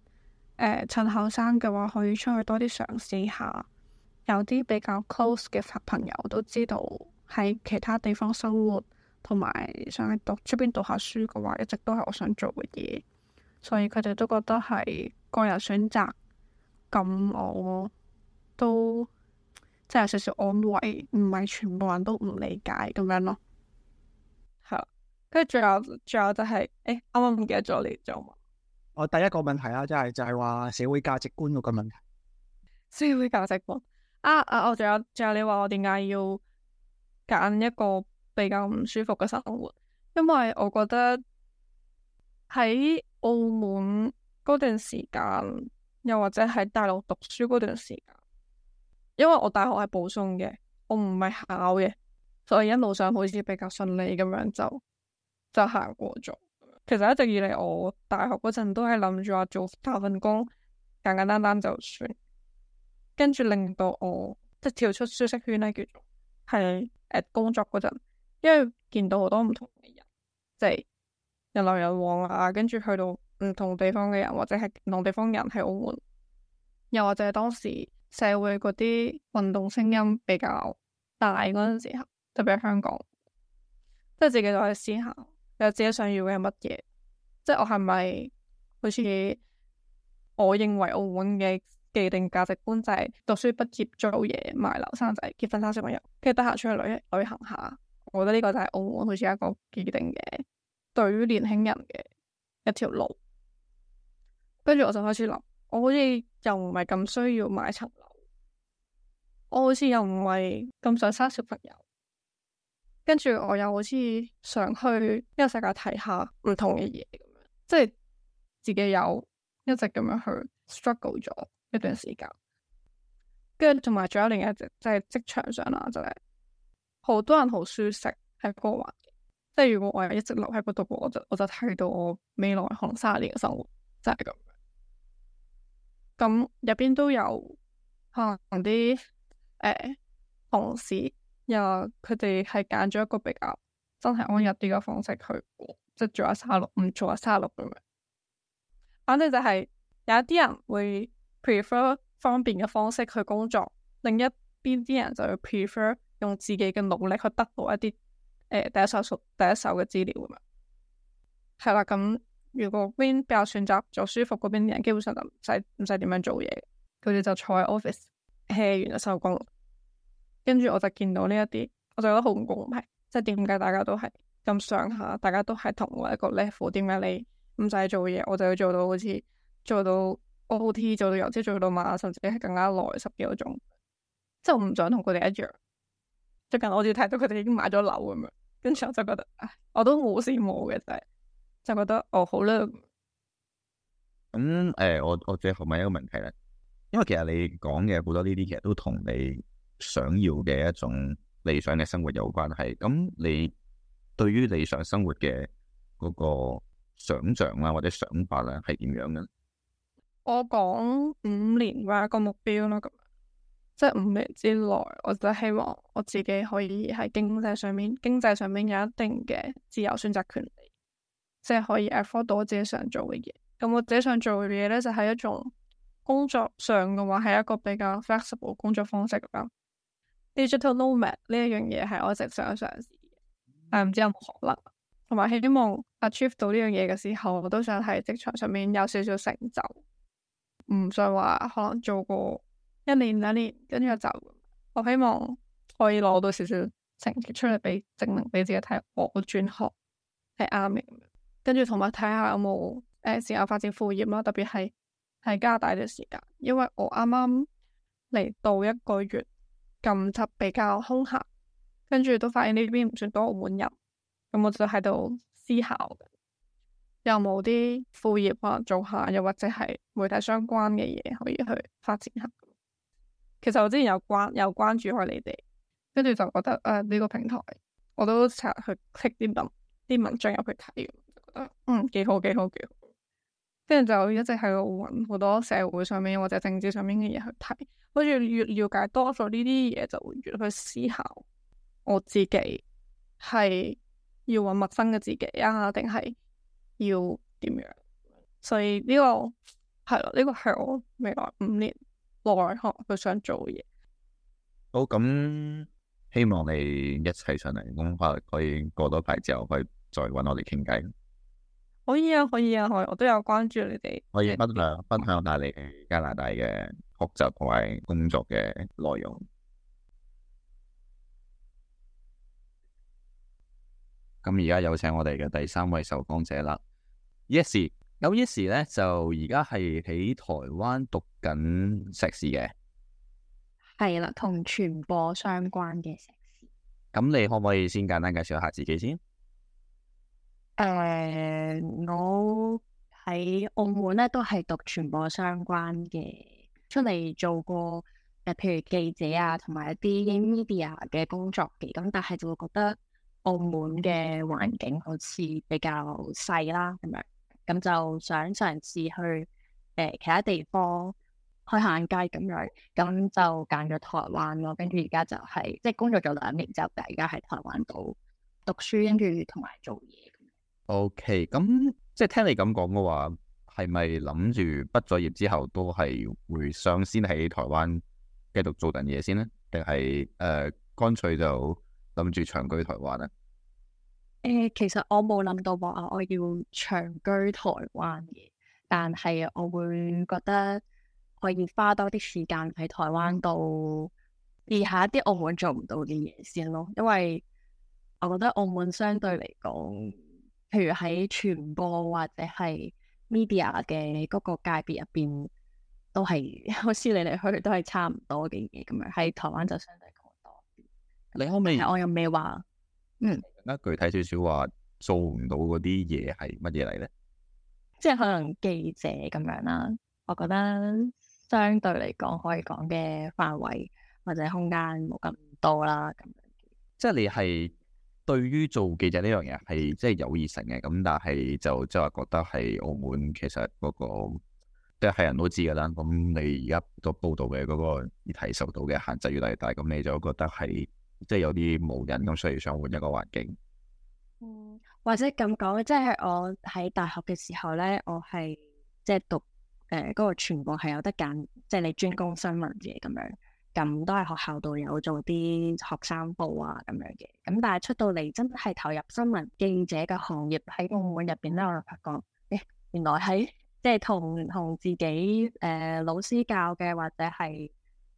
誒、欸，趁後生嘅話，可以出去多啲嘗試下。有啲比較 close 嘅朋友都知道喺其他地方生活，同埋想喺讀出邊讀下書嘅話，一直都係我想做嘅嘢。所以佢哋都覺得係個人選擇，咁我都即係有少少安慰，唔係全部人都唔理解咁樣咯。吓，跟住最後最後就係、是，誒、欸，啱啱唔記得咗你做。」我第一個問題啦、啊，就係、係、就係話社會價值觀個問題。社會價值觀啊啊！我仲有仲有，有你話我點解要揀一個比較唔舒服嘅生活？因為我覺得喺澳門嗰段時間，又或者喺大陸讀書嗰段時間，因為我大學係保送嘅，我唔係考嘅，所以一路上好似比較順利咁樣就就行過咗。其實一直以嚟，我大學嗰陣都係諗住話做打份工，簡簡單單就算。跟住令到我即係跳出舒適圈咧，叫做係誒工作嗰陣，因為見到好多唔同嘅人，即係人來人往啊。跟住去到唔同地方嘅人，或者係唔同地方人喺澳門，又或者係當時社會嗰啲運動聲音比較大嗰陣時候，特別係香港，即係自己就在思考。有自己想要嘅係乜嘢？即係我係咪好似我認為澳門嘅既定價值觀就係、是、讀書畢業做嘢、買樓、生仔、結婚生小朋友，跟住得閒出去旅行旅行下。我覺得呢個就係澳門好似一個既定嘅對於年輕人嘅一條路。跟住我就開始諗，我好似又唔係咁需要買層樓，我好似又唔係咁想生小朋友。跟住我又好似想去呢個世界睇下唔同嘅嘢，咁樣 即係自己有一直咁樣去 struggle 咗一段時間。跟住同埋仲有另一隻，即係職場上啦，就係好多人好舒適喺嗰個環境。即係如果我又一直留喺嗰度，我就我就睇到我未來可能三十年嘅生活就係咁。咁入邊都有可能啲誒、欸、同事。又佢哋係揀咗一個比較真係安逸啲嘅方式去過，即係做下沙律，唔做下沙律咁樣。反正就係、是、有一啲人會 prefer 方便嘅方式去工作，另一邊啲人就要 prefer 用自己嘅努力去得到一啲誒第一手數、第一手嘅資料咁樣。係啦，咁如果邊比較選擇做舒服嗰邊嘅人，基本上就唔使唔使點樣做嘢，佢哋就坐喺 office hea 完就收工。跟住我就見到呢一啲，我就覺得好唔公平。即係點解大家都係咁上下，大家都係同我一個 level，點解你唔使做嘢，我就要做到好似做到 O.T. 做到由朝，即做到晚，甚至係更加耐十幾個鐘。即係我唔想同佢哋一樣。最近我似睇到佢哋已經買咗樓咁樣，跟住我就覺得，我都冇羨慕嘅就係、是，就覺得哦好啦。咁誒、嗯哎，我我最後問一個問題咧，因為其實你講嘅好多呢啲，其實都同你。想要嘅一種理想嘅生活有關係，咁你對於理想生活嘅嗰個想象啊或者想法啊係點樣嘅？我講五年嘅一個目標啦，咁即係五年之內，我就希望我自己可以喺經濟上面、經濟上面有一定嘅自由選擇權利，即係可以 afford 到我自己想做嘅嘢。咁我自己想做嘅嘢咧就係一種工作上嘅，話係一個比較 flexible 工作方式啦。digital nomad 呢一樣嘢係我一直想嘗試嘅，但係唔知有冇可能。同埋希望 achieve 到呢樣嘢嘅時候，我都想喺職場上面有少少成就，唔想話可能做過一年兩年跟住就我希望可以攞到少少成績出嚟俾證明俾自己睇，我轉學係啱嘅。跟住同埋睇下有冇誒，時候發展副業啦，特別係係加拿大嘅時間，因為我啱啱嚟到一個月。咁就比較空閒，跟住都發現呢邊唔算多澳門人，咁我就喺度思考，有冇啲副業可、啊、能做下，又或者係媒體相關嘅嘢可以去發展下。其實我之前有關有關注過你哋，跟住就覺得誒呢、呃呢個平台，我都成日去 click 啲文啲文章入去睇，覺得嗯幾好幾好幾好。幾好幾好。跟住就一直喺度揾好多社會上面或者政治上面嘅嘢去睇，跟住越了解多咗呢啲嘢，就會越去思考我自己係要揾陌生嘅自己啊，定係要點樣？所以呢個係咯，呢個係我未來五年內可能想做嘅嘢。好，咁希望你一切順利。咁可可以過多排之後可以再揾我哋傾偈。可以啊，可以啊，可以我都有關注你哋。可以分享 分享我帶嚟加拿大嘅學習同埋工作嘅內容。咁而家有請我哋嘅第三位受訪者啦。Yes，咁 Yes 咧就而家係喺台灣讀緊碩士嘅。係啦，同傳播相關嘅碩士。咁你可唔可以先簡單介紹下自己先？誒，uh, 我喺澳門咧都係讀傳播相關嘅，出嚟做過誒，譬如記者啊，同埋一啲 media 嘅工作嘅。咁但係就會覺得澳門嘅環境好似比較細啦，咁樣咁就想嘗試去誒、呃、其他地方開下眼界咁樣。咁就揀咗台灣咯，跟住而家就係、是、即係工作咗兩年之後，但而家喺台灣度讀書，跟住同埋做嘢。O K，咁即係聽你咁講嘅話，係咪諗住畢咗業之後都係會想先喺台灣繼續做緊嘢先咧？定係誒，呃、乾脆就諗住長居台灣啊？誒，其實我冇諗到話啊，我要長居台灣嘅，但係我會覺得可以花多啲時間喺台灣度試下啲澳門做唔到啲嘢先咯，因為我覺得澳門相對嚟講。譬如喺傳播或者係 media 嘅嗰個界別入邊，都係好似你嚟去都係差唔多嘅嘢，咁樣喺台灣就相對多啲。你可唔可以？我有咩話？嗯，更加具體少少話做唔到嗰啲嘢係乜嘢嚟咧？即係可能記者咁樣啦，我覺得相對嚟講可以講嘅範圍或者空間冇咁多啦，咁樣嘅。即係你係。對於做記者呢樣嘢係即係有意性嘅，咁但係就即係話覺得係澳門其實嗰個，即係人都知噶啦。咁你而家個報道嘅嗰個議題受到嘅限制越嚟越大，咁你就覺得係即係有啲無癮，咁所以想換一個環境。嗯，或者咁講，即係我喺大學嘅時候咧，我係即係讀誒嗰個傳播係有得揀，即係你專攻新聞嘅咁樣。咁都係學校度有做啲學生報啊咁樣嘅，咁但係出到嚟真係投入新聞記者嘅行業喺澳門入邊咧，我就發覺誒、欸、原來喺即係同同自己誒、呃、老師教嘅或者係誒、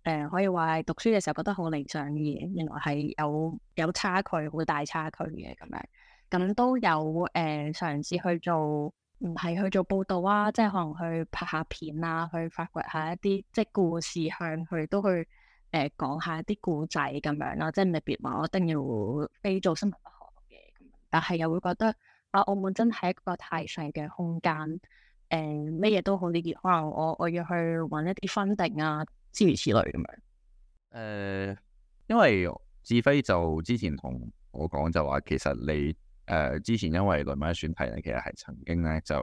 呃、可以話係讀書嘅時候覺得好理想嘅，原來係有有差距，好大差距嘅咁樣，咁都有誒、呃、嘗試去做，唔係去做報導啊，即、就、係、是、可能去拍下片啊，去發掘一下一啲即係故事向去都去。誒，講、呃、下啲古仔咁樣啦，即係未必話我一定要非做新聞不可嘅，但係又會覺得啊，澳門真係一個太細嘅空間，誒、呃，咩嘢都好呢啲，可能我我要去搵一啲 financing 啊，諸如此類咁樣。誒、呃，因為智輝就之前同我講就話，其實你誒、呃、之前因為論文選題咧，其實係曾經咧就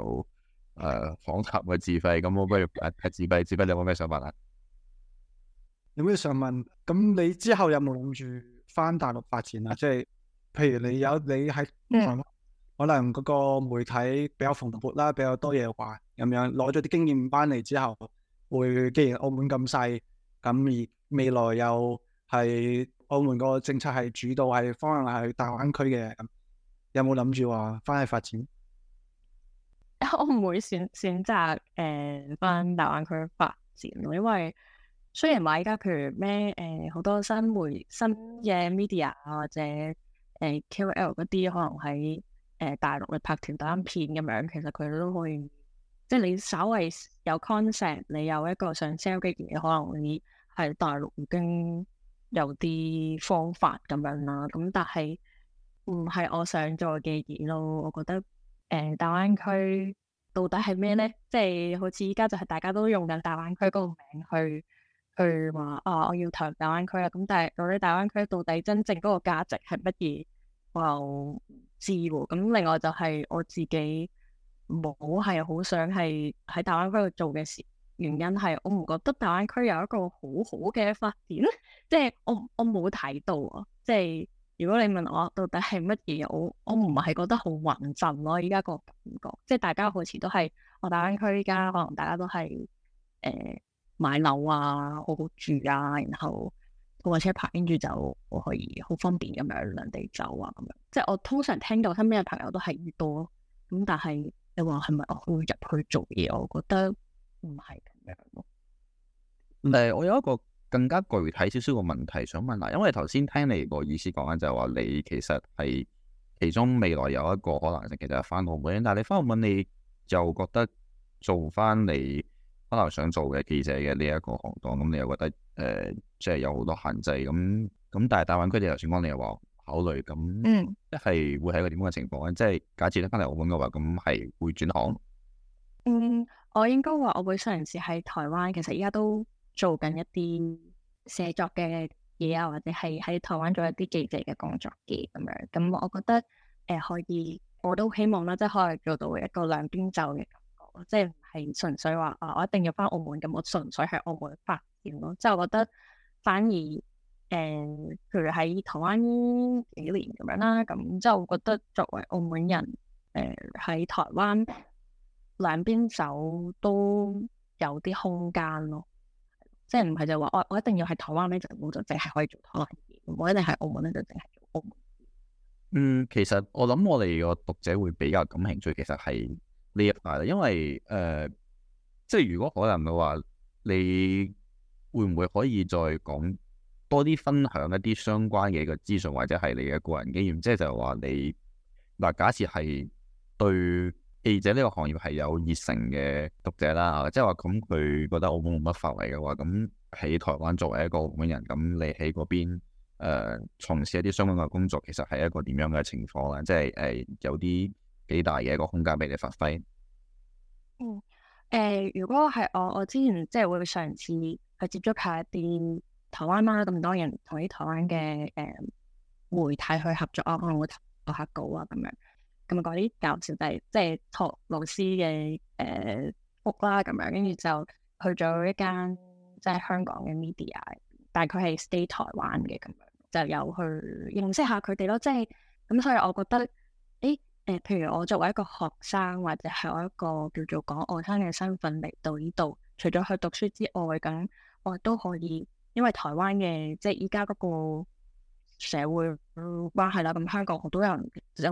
誒訪談嘅志輝，咁、呃、我不如誒，志、啊、輝，志輝你有冇咩想法啊？有咩想問？咁你之後有冇諗住翻大陸發展啊？即係譬如你有你喺、嗯、可能嗰個媒體比較蓬勃啦，比較多嘢話咁樣，攞咗啲經驗翻嚟之後，會既然澳門咁細，咁而未來又係澳門個政策係主導係方向係去大灣區嘅，咁有冇諗住話翻去發展？我唔會選選擇誒翻、uh, 大灣區發展，因為。雖然話依家譬如咩誒好多新媒新嘅 media 或者誒、呃、KOL 嗰啲，可能喺誒、呃、大陸嚟拍條單片咁樣，其實佢哋都可以，即係你稍為有 concept，你有一個想 sell 嘅嘢，可能你喺大陸已經有啲方法咁樣啦。咁但係唔係我想做嘅嘢咯。我覺得誒、呃，大灣區到底係咩咧？即、就、係、是、好似依家就係大家都用緊大灣區嗰個名去。佢話啊，我要投入大灣區啦，咁但係嗰啲大灣區到底真正嗰個價值係乜嘢？我又唔知喎。咁另外就係我自己冇係好想係喺大灣區度做嘅事，原因係我唔覺得大灣區有一個好好嘅發展，即係我我冇睇到啊。即係如果你問我到底係乜嘢，我我唔係覺得好穩陣咯。依家個感覺，即係大家好似都係我大灣區依家可能大家都係誒。欸買樓啊，我好好住啊，然後鋪埋車牌，跟住就我可以好方便咁樣兩地走啊，咁樣。即係我通常聽到身邊嘅朋友都係越多，咁但係你話係咪我會入去做嘢？我覺得唔係咁樣咯。誒、嗯，我有一個更加具體少少嘅問題想問下，因為頭先聽你個意思講緊就係話你其實係其中未來有一個可能性，其實係翻澳門。但係你翻澳門，你就覺得做翻你。可能想做嘅記者嘅呢一個行當，咁你又覺得誒、呃，即係有好多限制，咁咁但係大灣區你頭先講，你又話考慮咁，即係會係一個點樣嘅情況咧？嗯、即係假設咧翻嚟澳門嘅話，咁係會轉行？嗯，我應該話我會嘗試喺台灣，其實而家都做緊一啲寫作嘅嘢啊，或者係喺台灣做一啲記者嘅工作嘅咁樣。咁我覺得誒、呃、可以，我都希望啦，即係可以做到一個兩邊走嘅即係。係純粹話啊！我一定要返澳門，咁我純粹喺澳門發展咯。即係我覺得反而誒、呃，譬如喺台灣呢幾年咁樣啦，咁即係我覺得作為澳門人誒，喺、呃、台灣兩邊走都有啲空間咯。即係唔係就係話我我一定要喺台灣咧就冇做，淨係可以做台灣嘢；我一定喺澳門咧就淨係做澳門。嗯，其實我諗我哋個讀者會比較感興趣，其實係。呢一塊啦，因為誒、呃，即係如果可能嘅話，你會唔會可以再講多啲分享一啲相關嘅個資訊，或者係你嘅個人經驗？即係就係話你嗱、呃，假設係對記者呢個行業係有熱誠嘅讀者啦，即係話咁佢覺得澳門冇乜發圍嘅話，咁喺台灣作為一個澳門人，咁你喺嗰邊誒、呃、從事一啲相關嘅工作，其實係一個點樣嘅情況咧？即係誒、呃、有啲。幾大嘅一個空間俾你發揮。嗯，誒、呃，如果係我，我之前即係會上次去接觸下啲台灣啦，咁多人同啲台灣嘅誒媒體去合作啊，可能會寫稿啊，咁樣，咁啊啲搞笑，就即係托老師嘅誒、呃、屋啦，咁樣，跟住就去咗一間即係香港嘅 media，但係佢係 stay 台灣嘅，咁樣就有去認識下佢哋咯，即係咁，所以我覺得誒。欸誒，譬如我作為一個學生，或者係我一個叫做港澳生嘅身份嚟到呢度，除咗去讀書之外，咁我都可以，因為台灣嘅即係依家嗰個社會關係啦，咁香港好多人，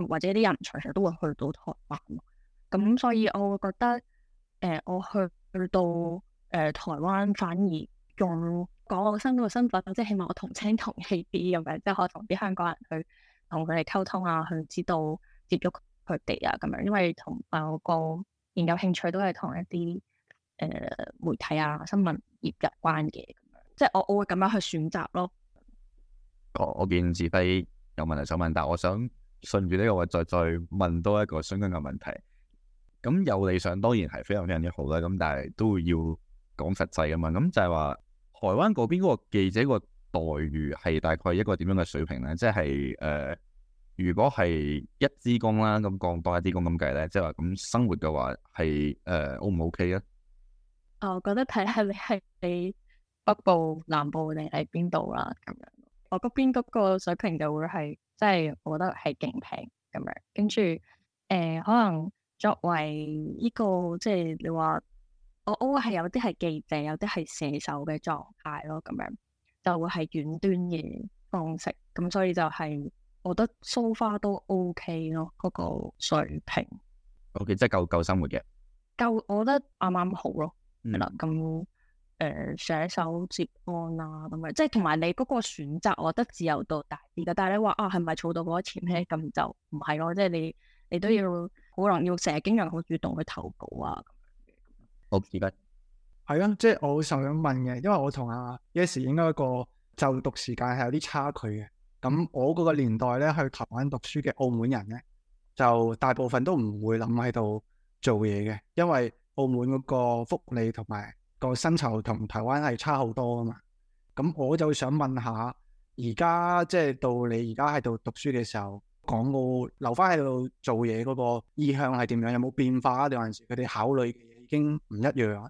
或者啲人隨時都會去到台灣，咁所以我會覺得誒、呃，我去到誒台灣，反而仲港澳生呢個身份，即係起碼我同聲同氣啲，咁樣即係可以同啲香港人去同佢哋溝通啊，去知道。接觸佢哋啊，咁樣，因為同我個研究興趣都係同一啲誒、呃、媒體啊、新聞業有關嘅，即係我我會咁樣去選擇咯。我、哦、我見志輝有問題想問，但係我想順住呢個位，我再再問多一個相關嘅問題。咁有理想當然係非常非常之好啦，咁但係都會要講實際噶嘛。咁就係話台灣嗰邊嗰個記者個待遇係大概一個點樣嘅水平咧？即係誒。呃如果係一支工啦，咁、那、降、個、多一支工咁計咧，即係話咁生活嘅話係誒 O 唔 O K 啊？啊，呃、可可我覺得睇下你係你北部、南部定係邊度啦，咁、啊、樣我嗰邊嗰個水平就會係，即、就、係、是、我覺得係勁平咁樣，跟住誒可能作為呢、這個即係、就是、你話我我會係有啲係記者，有啲係射手嘅狀態咯，咁樣就會係遠端嘅方式，咁所以就係、是。我覺得 so far 都 OK 咯，嗰、那個水平 OK，即係夠夠生活嘅，夠我覺得啱啱好咯。係啦、嗯，咁誒寫手接案啦、啊，咁樣即係同埋你嗰個選擇，我覺得自由度大啲噶。但係你話啊，係咪儲到嗰啲錢咧？咁就唔係咯，即係你你都要可能要成日經常好主動去投稿啊。樣好，而家係啊，即係我好想問嘅，因為我同阿、啊、Yes 應該個就讀時間係有啲差距嘅。咁我嗰個年代咧，去台灣讀書嘅澳門人咧，就大部分都唔會諗喺度做嘢嘅，因為澳門嗰個福利同埋個薪酬同台灣係差好多㗎嘛。咁我就想問下，而家即係到你而家喺度讀書嘅時候，港澳留返喺度做嘢嗰個意向係點樣？有冇變化啊？有陣時佢哋考慮嘅嘢已經唔一樣啊。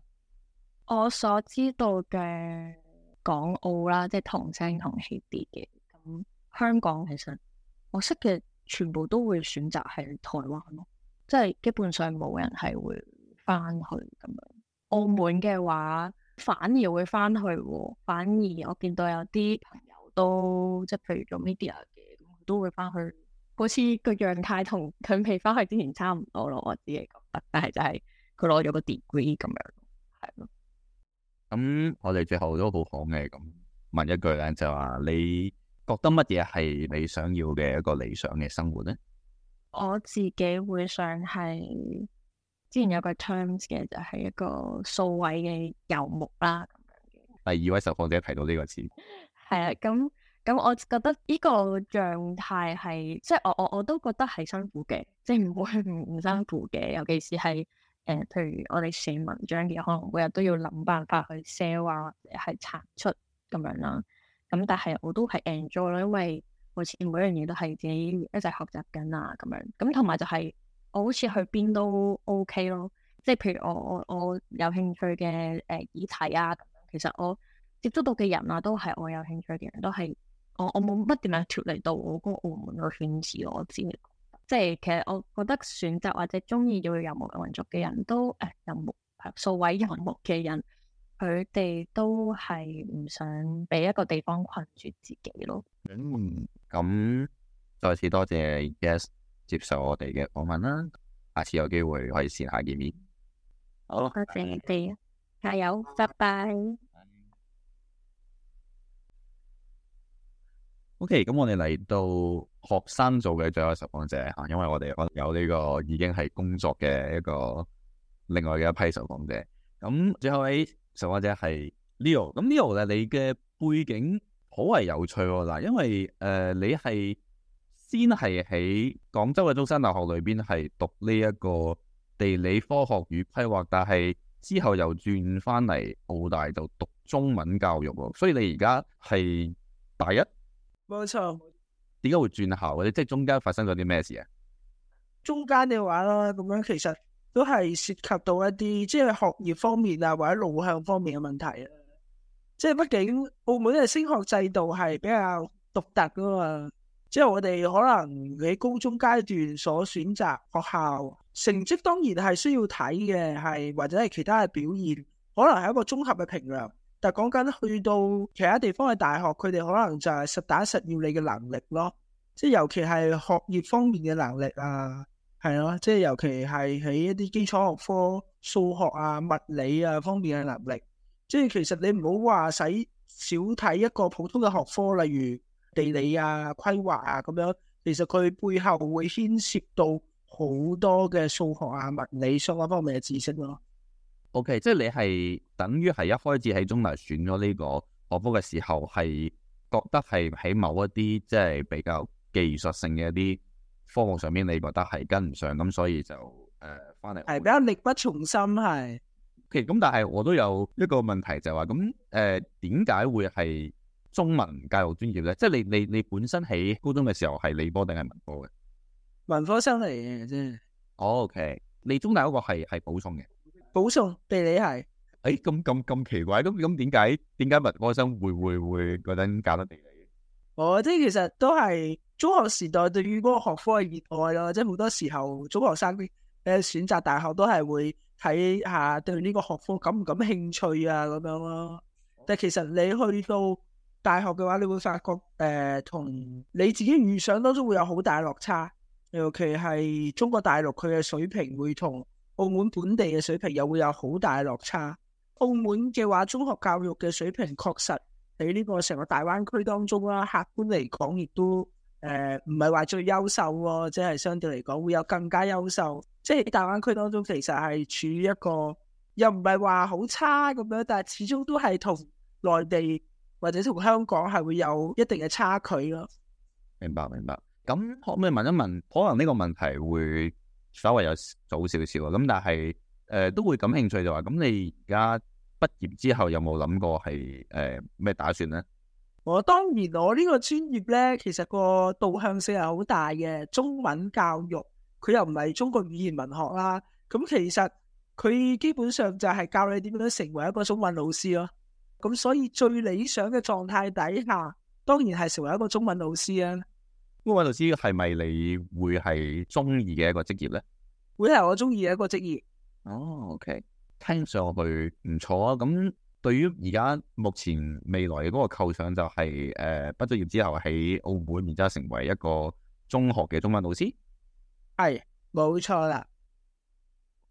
我所知道嘅港澳啦，即係同聲同氣啲嘅。香港其實我識嘅全部都會選擇喺台灣咯，即係基本上冇人係會翻去咁樣。澳門嘅話反而會翻去喎，反而我見到有啲朋友都即係譬如做 media 嘅，都會翻去。好似個樣態同佢未翻去之前差唔多咯，我自己覺得。但係就係佢攞咗個 degree 咁樣，係咯的。咁、嗯、我哋最後都好講嘅咁問一句咧，就話、是、你。覺得乜嘢係你想要嘅一個理想嘅生活咧？我自己會想係之前有個 terms 嘅就係一個數位嘅遊牧啦。第二位受訪者提到呢個詞，係啊，咁咁，我覺得呢個狀態係即係我我我都覺得係辛苦嘅，即係唔會唔辛苦嘅，尤其是係誒，譬如我哋寫文章嘅，可能每日都要諗辦法去 sell 啊，或者係產出咁樣啦。咁但係我都係 enjoy 咯，因為好似每樣嘢都係自己一齊學習緊啊咁樣。咁同埋就係、是、我好似去邊都 OK 咯，即係譬如我我我有興趣嘅誒議題啊，其實我接觸到嘅人啊，都係我有興趣嘅人，都係我我冇乜點樣脫離到我嗰個澳門個圈子我知。即係其實我覺得選擇或者中意要遊牧嘅民族嘅人都誒遊牧數位遊牧嘅人。佢哋都係唔想俾一個地方困住自己咯。咁咁、嗯，再次多謝 Yes 接受我哋嘅訪問啦。下次有機會可以綫下見面。好，多謝你哋，拜拜加油，拜拜。OK，咁我哋嚟到學生組嘅最後受訪者吓，因為我哋可能有呢個已經係工作嘅一個另外嘅一批受訪者。咁最後喺……或者係 Leo，咁 Leo 咧，你嘅背景好為有趣喎。嗱，因為誒、呃、你係先係喺廣州嘅中山大學裏邊係讀呢一個地理科學與規劃，但係之後又轉翻嚟澳大就讀中文教育，所以你而家係大一？冇錯。點解會轉校或者即係中間發生咗啲咩事啊？中間嘅話啦，咁樣其實。都係涉及到一啲即係學業方面啊，或者路向方面嘅問題啊。即係畢竟澳門嘅升學制度係比較獨特噶嘛啊。即係我哋可能喺高中階段所選擇學校，成績當然係需要睇嘅，係或者係其他嘅表現，可能係一個綜合嘅評量。但係講緊去到其他地方嘅大學，佢哋可能就係實打實要你嘅能力咯。即係尤其係學業方面嘅能力啊。係咯，即係尤其係喺一啲基礎學科，數學啊、物理啊方面嘅能力，即係其實你唔好話使少睇一個普通嘅學科，例如地理啊、規劃啊咁樣，其實佢背後會牽涉到好多嘅數學啊、物理相關方面嘅知識咯。OK，即係你係等於係一開始喺中大選咗呢個學科嘅時候，係覺得係喺某一啲即係比較技術性嘅一啲。科目上面你覺得係跟唔上，咁所以就誒翻嚟係比較力不從心，係。其 k 咁但係我都有一個問題就話咁誒，點、嗯、解、呃、會係中文教育專業咧？即係你你你本身喺高中嘅時候係理科定係文科嘅？文科生嚟嘅啫。Oh, OK，你中大嗰個係係補充嘅？補送？地理系。誒，咁咁咁奇怪，咁咁點解點解文科生會會會嗰陣搞得地理？我、哦、即係其實都係中學時代對於嗰個學科嘅熱愛咯，即係好多時候中學生嘅選擇大學都係會睇下對呢個學科感唔感興趣啊咁樣咯。但係其實你去到大學嘅話，你會發覺誒、呃、同你自己預想當中會有好大落差，尤其係中國大陸佢嘅水平會同澳門本地嘅水平又會有好大落差。澳門嘅話，中學教育嘅水平確實。喺呢、這個成個大灣區當中啦，客觀嚟講亦都誒唔係話最優秀喎，即係相對嚟講會有更加優秀。即喺大灣區當中，其實係處於一個又唔係話好差咁樣，但係始終都係同內地或者同香港係會有一定嘅差距咯。明白，明白。咁可唔可以問一問？可能呢個問題會稍微有早少少啊。咁但係誒、呃、都會感興趣就話，咁你而家？畢業之後有冇諗過係誒咩打算呢？我當然我呢個專業咧，其實個導向性係好大嘅。中文教育佢又唔係中國語言文學啦，咁其實佢基本上就係教你點樣成為一個中文老師咯。咁所以最理想嘅狀態底下，當然係成為一個中文老師啊。中文老師係咪你會係中意嘅一個職業呢？會係我中意嘅一個職業。哦，OK。聽上去唔錯啊！咁對於而家目前未來嘅嗰個構想，就是，就係誒畢咗業之後喺澳門，然後成為一個中學嘅中文老師。係，冇錯啦。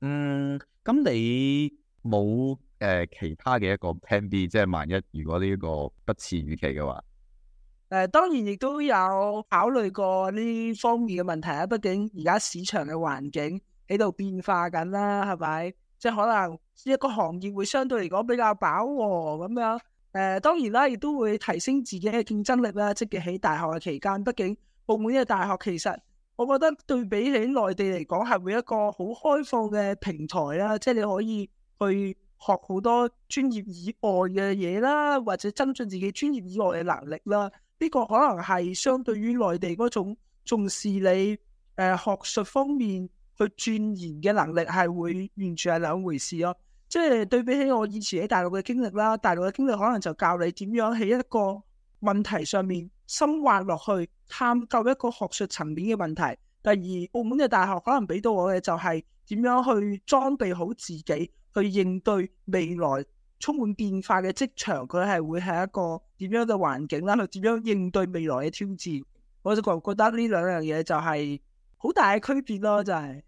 嗯，咁你冇誒、呃、其他嘅一個 plan B，即係萬一如果呢一個不似預期嘅話，誒、呃、當然亦都有考慮過呢方面嘅問題啊。畢竟而家市場嘅環境喺度變化緊啦，係咪？即係可能。一個行業會相對嚟講比較飽和咁樣，誒、呃，當然啦，亦都會提升自己嘅競爭力啦。積極喺大學嘅期間，畢竟澳門嘅大學其實我覺得對比起內地嚟講，係會一個好開放嘅平台啦，即係你可以去學好多專業以外嘅嘢啦，或者增進自己專業以外嘅能力啦。呢、這個可能係相對於內地嗰種重視你誒、呃、學術方面。去鑽研嘅能力係會完全係兩回事咯、哦，即係對比起我以前喺大陸嘅經歷啦，大陸嘅經歷可能就教你點樣喺一個問題上面深挖落去，探究一個學術層面嘅問題。第二，澳門嘅大學可能俾到我嘅就係點樣去裝備好自己，去應對未來充滿變化嘅職場。佢係會係一個點樣嘅環境啦，去點樣應對未來嘅挑戰。我就覺覺得呢兩樣嘢就係、是。好大嘅區別咯，就係，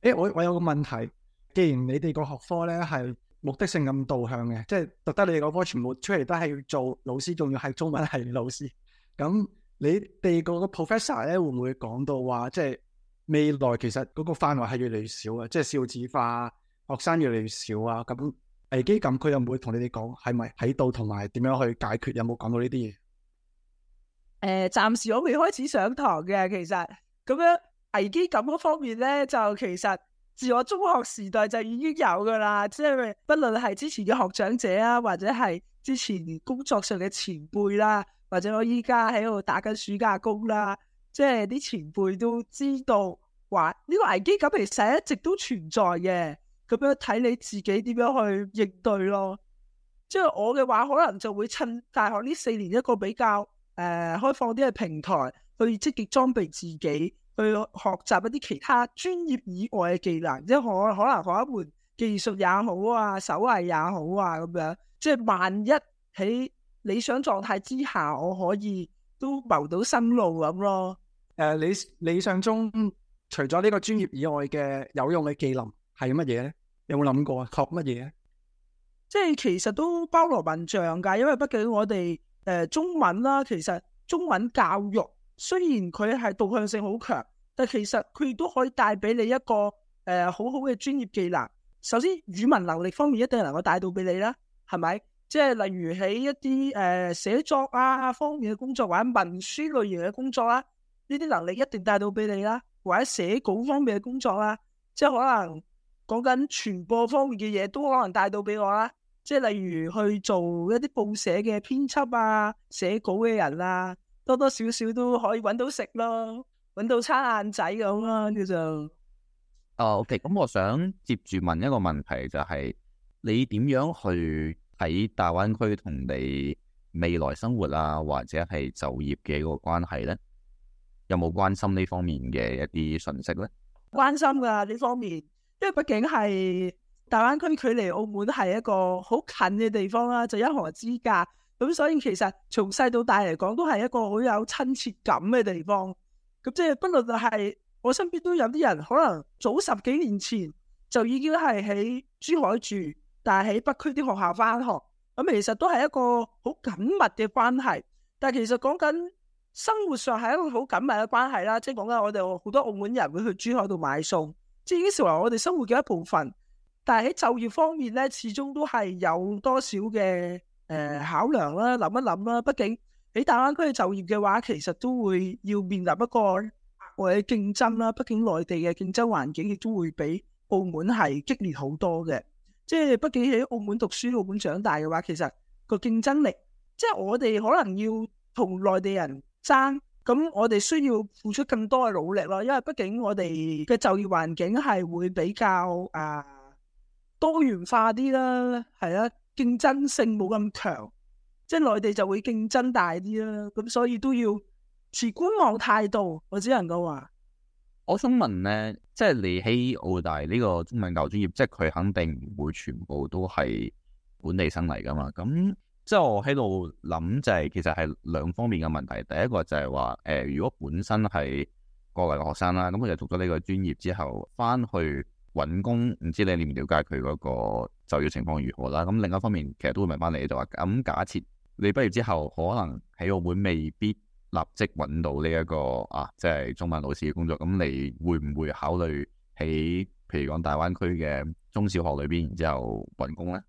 誒，我我有個問題，既然你哋個學科咧係目的性咁導向嘅，即係特得你哋個科全部出嚟都係要做老師，仲要係中文係老師，咁你哋個個 professor 咧會唔會講到話，即係未來其實嗰個範圍係越嚟越少啊，即係少子化，學生越嚟越少啊，咁危機感佢又唔會同你哋講係咪喺度，同埋點樣去解決，有冇講到呢啲嘢？誒，暫時我未開始上堂嘅，其實。咁樣危機感嗰方面呢，就其實自我中學時代就已經有噶啦，即係不論係之前嘅學長者啊，或者係之前工作上嘅前輩啦，或者我依家喺度打緊暑假工啦，即係啲前輩都知道，話呢個危機感其實一直都存在嘅，咁樣睇你自己點樣去應對咯。即係我嘅話，可能就會趁大學呢四年一個比較誒、呃、開放啲嘅平台。去積極裝備自己，去學習一啲其他專業以外嘅技能，即係可可能學一門技術也好啊，手藝也好啊，咁樣即係萬一喺理想狀態之下，我可以都謀到生路咁咯。誒、uh，你理想中除咗呢個專業以外嘅有用嘅技能係乜嘢咧？有冇諗過學乜嘢咧？即係其實都包羅萬象㗎，因為畢竟我哋誒、呃、中文啦，其實中文教育。雖然佢係導向性好強，但其實佢亦都可以帶俾你一個誒、呃、好好嘅專業技能。首先，語文能力方面一定能夠帶到俾你啦，係咪？即係例如喺一啲誒寫作啊方面嘅工作，或者文書類型嘅工作啦，呢啲能力一定帶到俾你啦。或者寫稿方面嘅工作啦，即係可能講緊傳播方面嘅嘢，都可能帶到俾我啦。即係例如去做一啲報社嘅編輯啊、寫稿嘅人啊。多多少少都可以揾到食咯，揾到餐晏仔咁咯，啊，叫做。哦，OK，咁我想接住問一個問題，就是，就係你點樣去睇大灣區同你未來生活啊或者係就業嘅一個關係咧？有冇關心呢方面嘅一啲信息咧？關心㗎呢方面，因為畢竟係大灣區距離澳門係一個好近嘅地方啦，啊，就一河之隔。咁所以其實從細到大嚟講，都係一個好有親切感嘅地方。咁即係不論係我身邊都有啲人，可能早十幾年前就已經係喺珠海住，但係喺北區啲學校翻學。咁其實都係一個好緊密嘅關係。但係其實講緊生活上係一個好緊密嘅關係啦，即係講緊我哋好多澳門人會去珠海度買餸，即係已經成為我哋生活嘅一部分。但係喺就業方面呢，始終都係有多少嘅。誒，考量啦，諗一諗啦。畢竟喺大灣區嘅就業嘅話，其實都會要面臨一個額外嘅競爭啦。畢竟內地嘅競爭環境亦都會比澳門係激烈好多嘅。即係畢竟喺澳門讀書、澳門長大嘅話，其實個競爭力，即係我哋可能要同內地人爭，咁我哋需要付出更多嘅努力咯。因為畢竟我哋嘅就業環境係會比較啊多元化啲啦，係啊。競爭性冇咁強，即係內地就會競爭大啲啦，咁所以都要持觀望態度，我只能夠話。我想問咧，即係你喺澳大呢個中文教育專業，即係佢肯定唔會全部都係本地生嚟噶嘛？咁即係我喺度諗就係，是，其實係兩方面嘅問題。第一個就係話，誒、呃、如果本身係過嚟嘅學生啦，咁佢就讀咗呢個專業之後翻去揾工，唔知你了唔瞭解佢嗰個就業情況如何啦？咁另一方面，其實都會問翻你就話，咁假設你畢業之後可能喺澳門未必立即揾到呢一個啊，即係中文老師嘅工作。咁你會唔會考慮喺譬如講大灣區嘅中小學裏邊然之後揾工咧？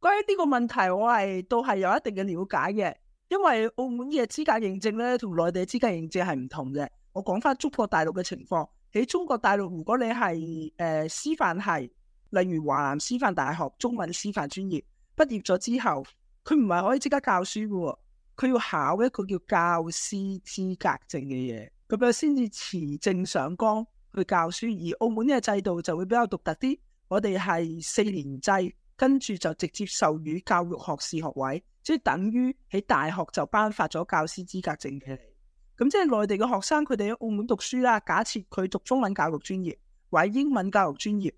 關於呢個問題，我係都係有一定嘅了解嘅，因為澳門嘅資格認證咧，同內地資格認證係唔同嘅。我講翻中國大陸嘅情況。喺中國大陸，如果你係誒、呃、師範系，例如華南師範大學中文師範專業畢業咗之後，佢唔係可以即刻教書嘅喎，佢要考一個叫教師資格證嘅嘢，咁樣先至持證上崗去教書。而澳門呢個制度就會比較獨特啲，我哋係四年制，跟住就直接授予教育學士學位，即係等於喺大學就頒發咗教師資格證嘅。咁即係內地嘅學生，佢哋喺澳門讀書啦。假設佢讀中文教育專業或者英文教育專業，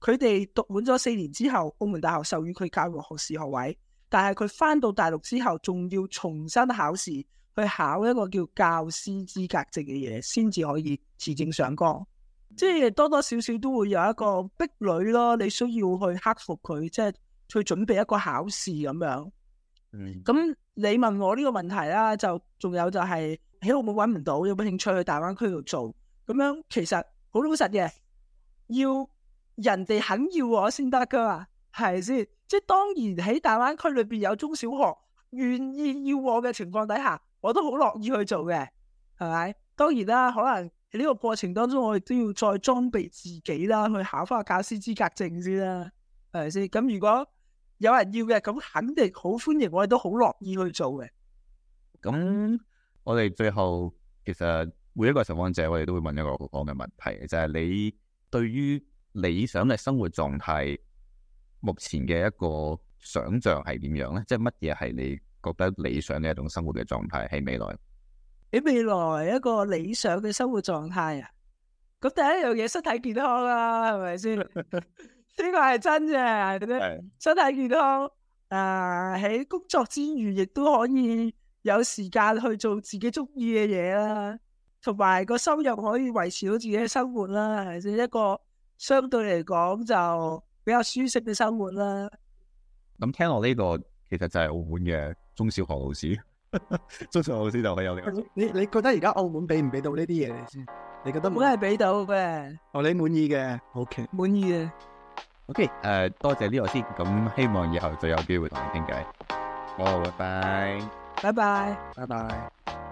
佢哋讀滿咗四年之後，澳門大學授予佢教育學士學位。但係佢翻到大陸之後，仲要重新考試，去考一個叫教師資格證嘅嘢，先至可以持證上崗。即係多多少少都會有一個壁壘咯，你需要去克服佢，即係去準備一個考試咁樣。嗯，咁你問我呢個問題啦，就仲有就係、是。喺澳門揾唔到，有冇興趣去大灣區度做？咁 樣其實好老實嘅，要人哋肯要我先得噶嘛，係咪先？即係當然喺大灣區裏邊有中小學願意要我嘅情況底下，我都好樂意去做嘅，係咪？當然啦，啊，可能喺呢個過程當中，我亦都要再裝備自己啦，去考翻個教師資格證先啦，係咪先？咁如果有人要嘅，咁肯定好歡迎，我哋都好樂意去做嘅。咁，嗯。我哋最後其實每一個受訪者，我哋都會問一個講嘅問題，就係你對於理想嘅生活狀態，目前嘅一個想象係點樣咧？即係乜嘢係你覺得理想嘅一種生活嘅狀態？喺未來喺未來一個理想嘅生活狀態啊！咁第一樣嘢，身體健康呀，係咪先？呢個係真嘅，係咪？身體健康，誒，喺工作之餘亦都可以。有時間去做自己中意嘅嘢啦，同埋個收入可以維持到自己嘅生活啦，係一個相對嚟講就比較舒適嘅生活啦。咁聽落呢、這個其實就係澳門嘅中小學老師， 中小學老師就喺有嘅、這個啊。你你覺得而家澳門俾唔俾到呢啲嘢嚟先？你覺得冇冇？梗係俾到嘅。哦，你滿意嘅？OK。滿意嘅。OK，誒，okay, uh, 多謝呢位先，咁希望以後就有機會同你傾偈。好，拜拜。拜拜，拜拜。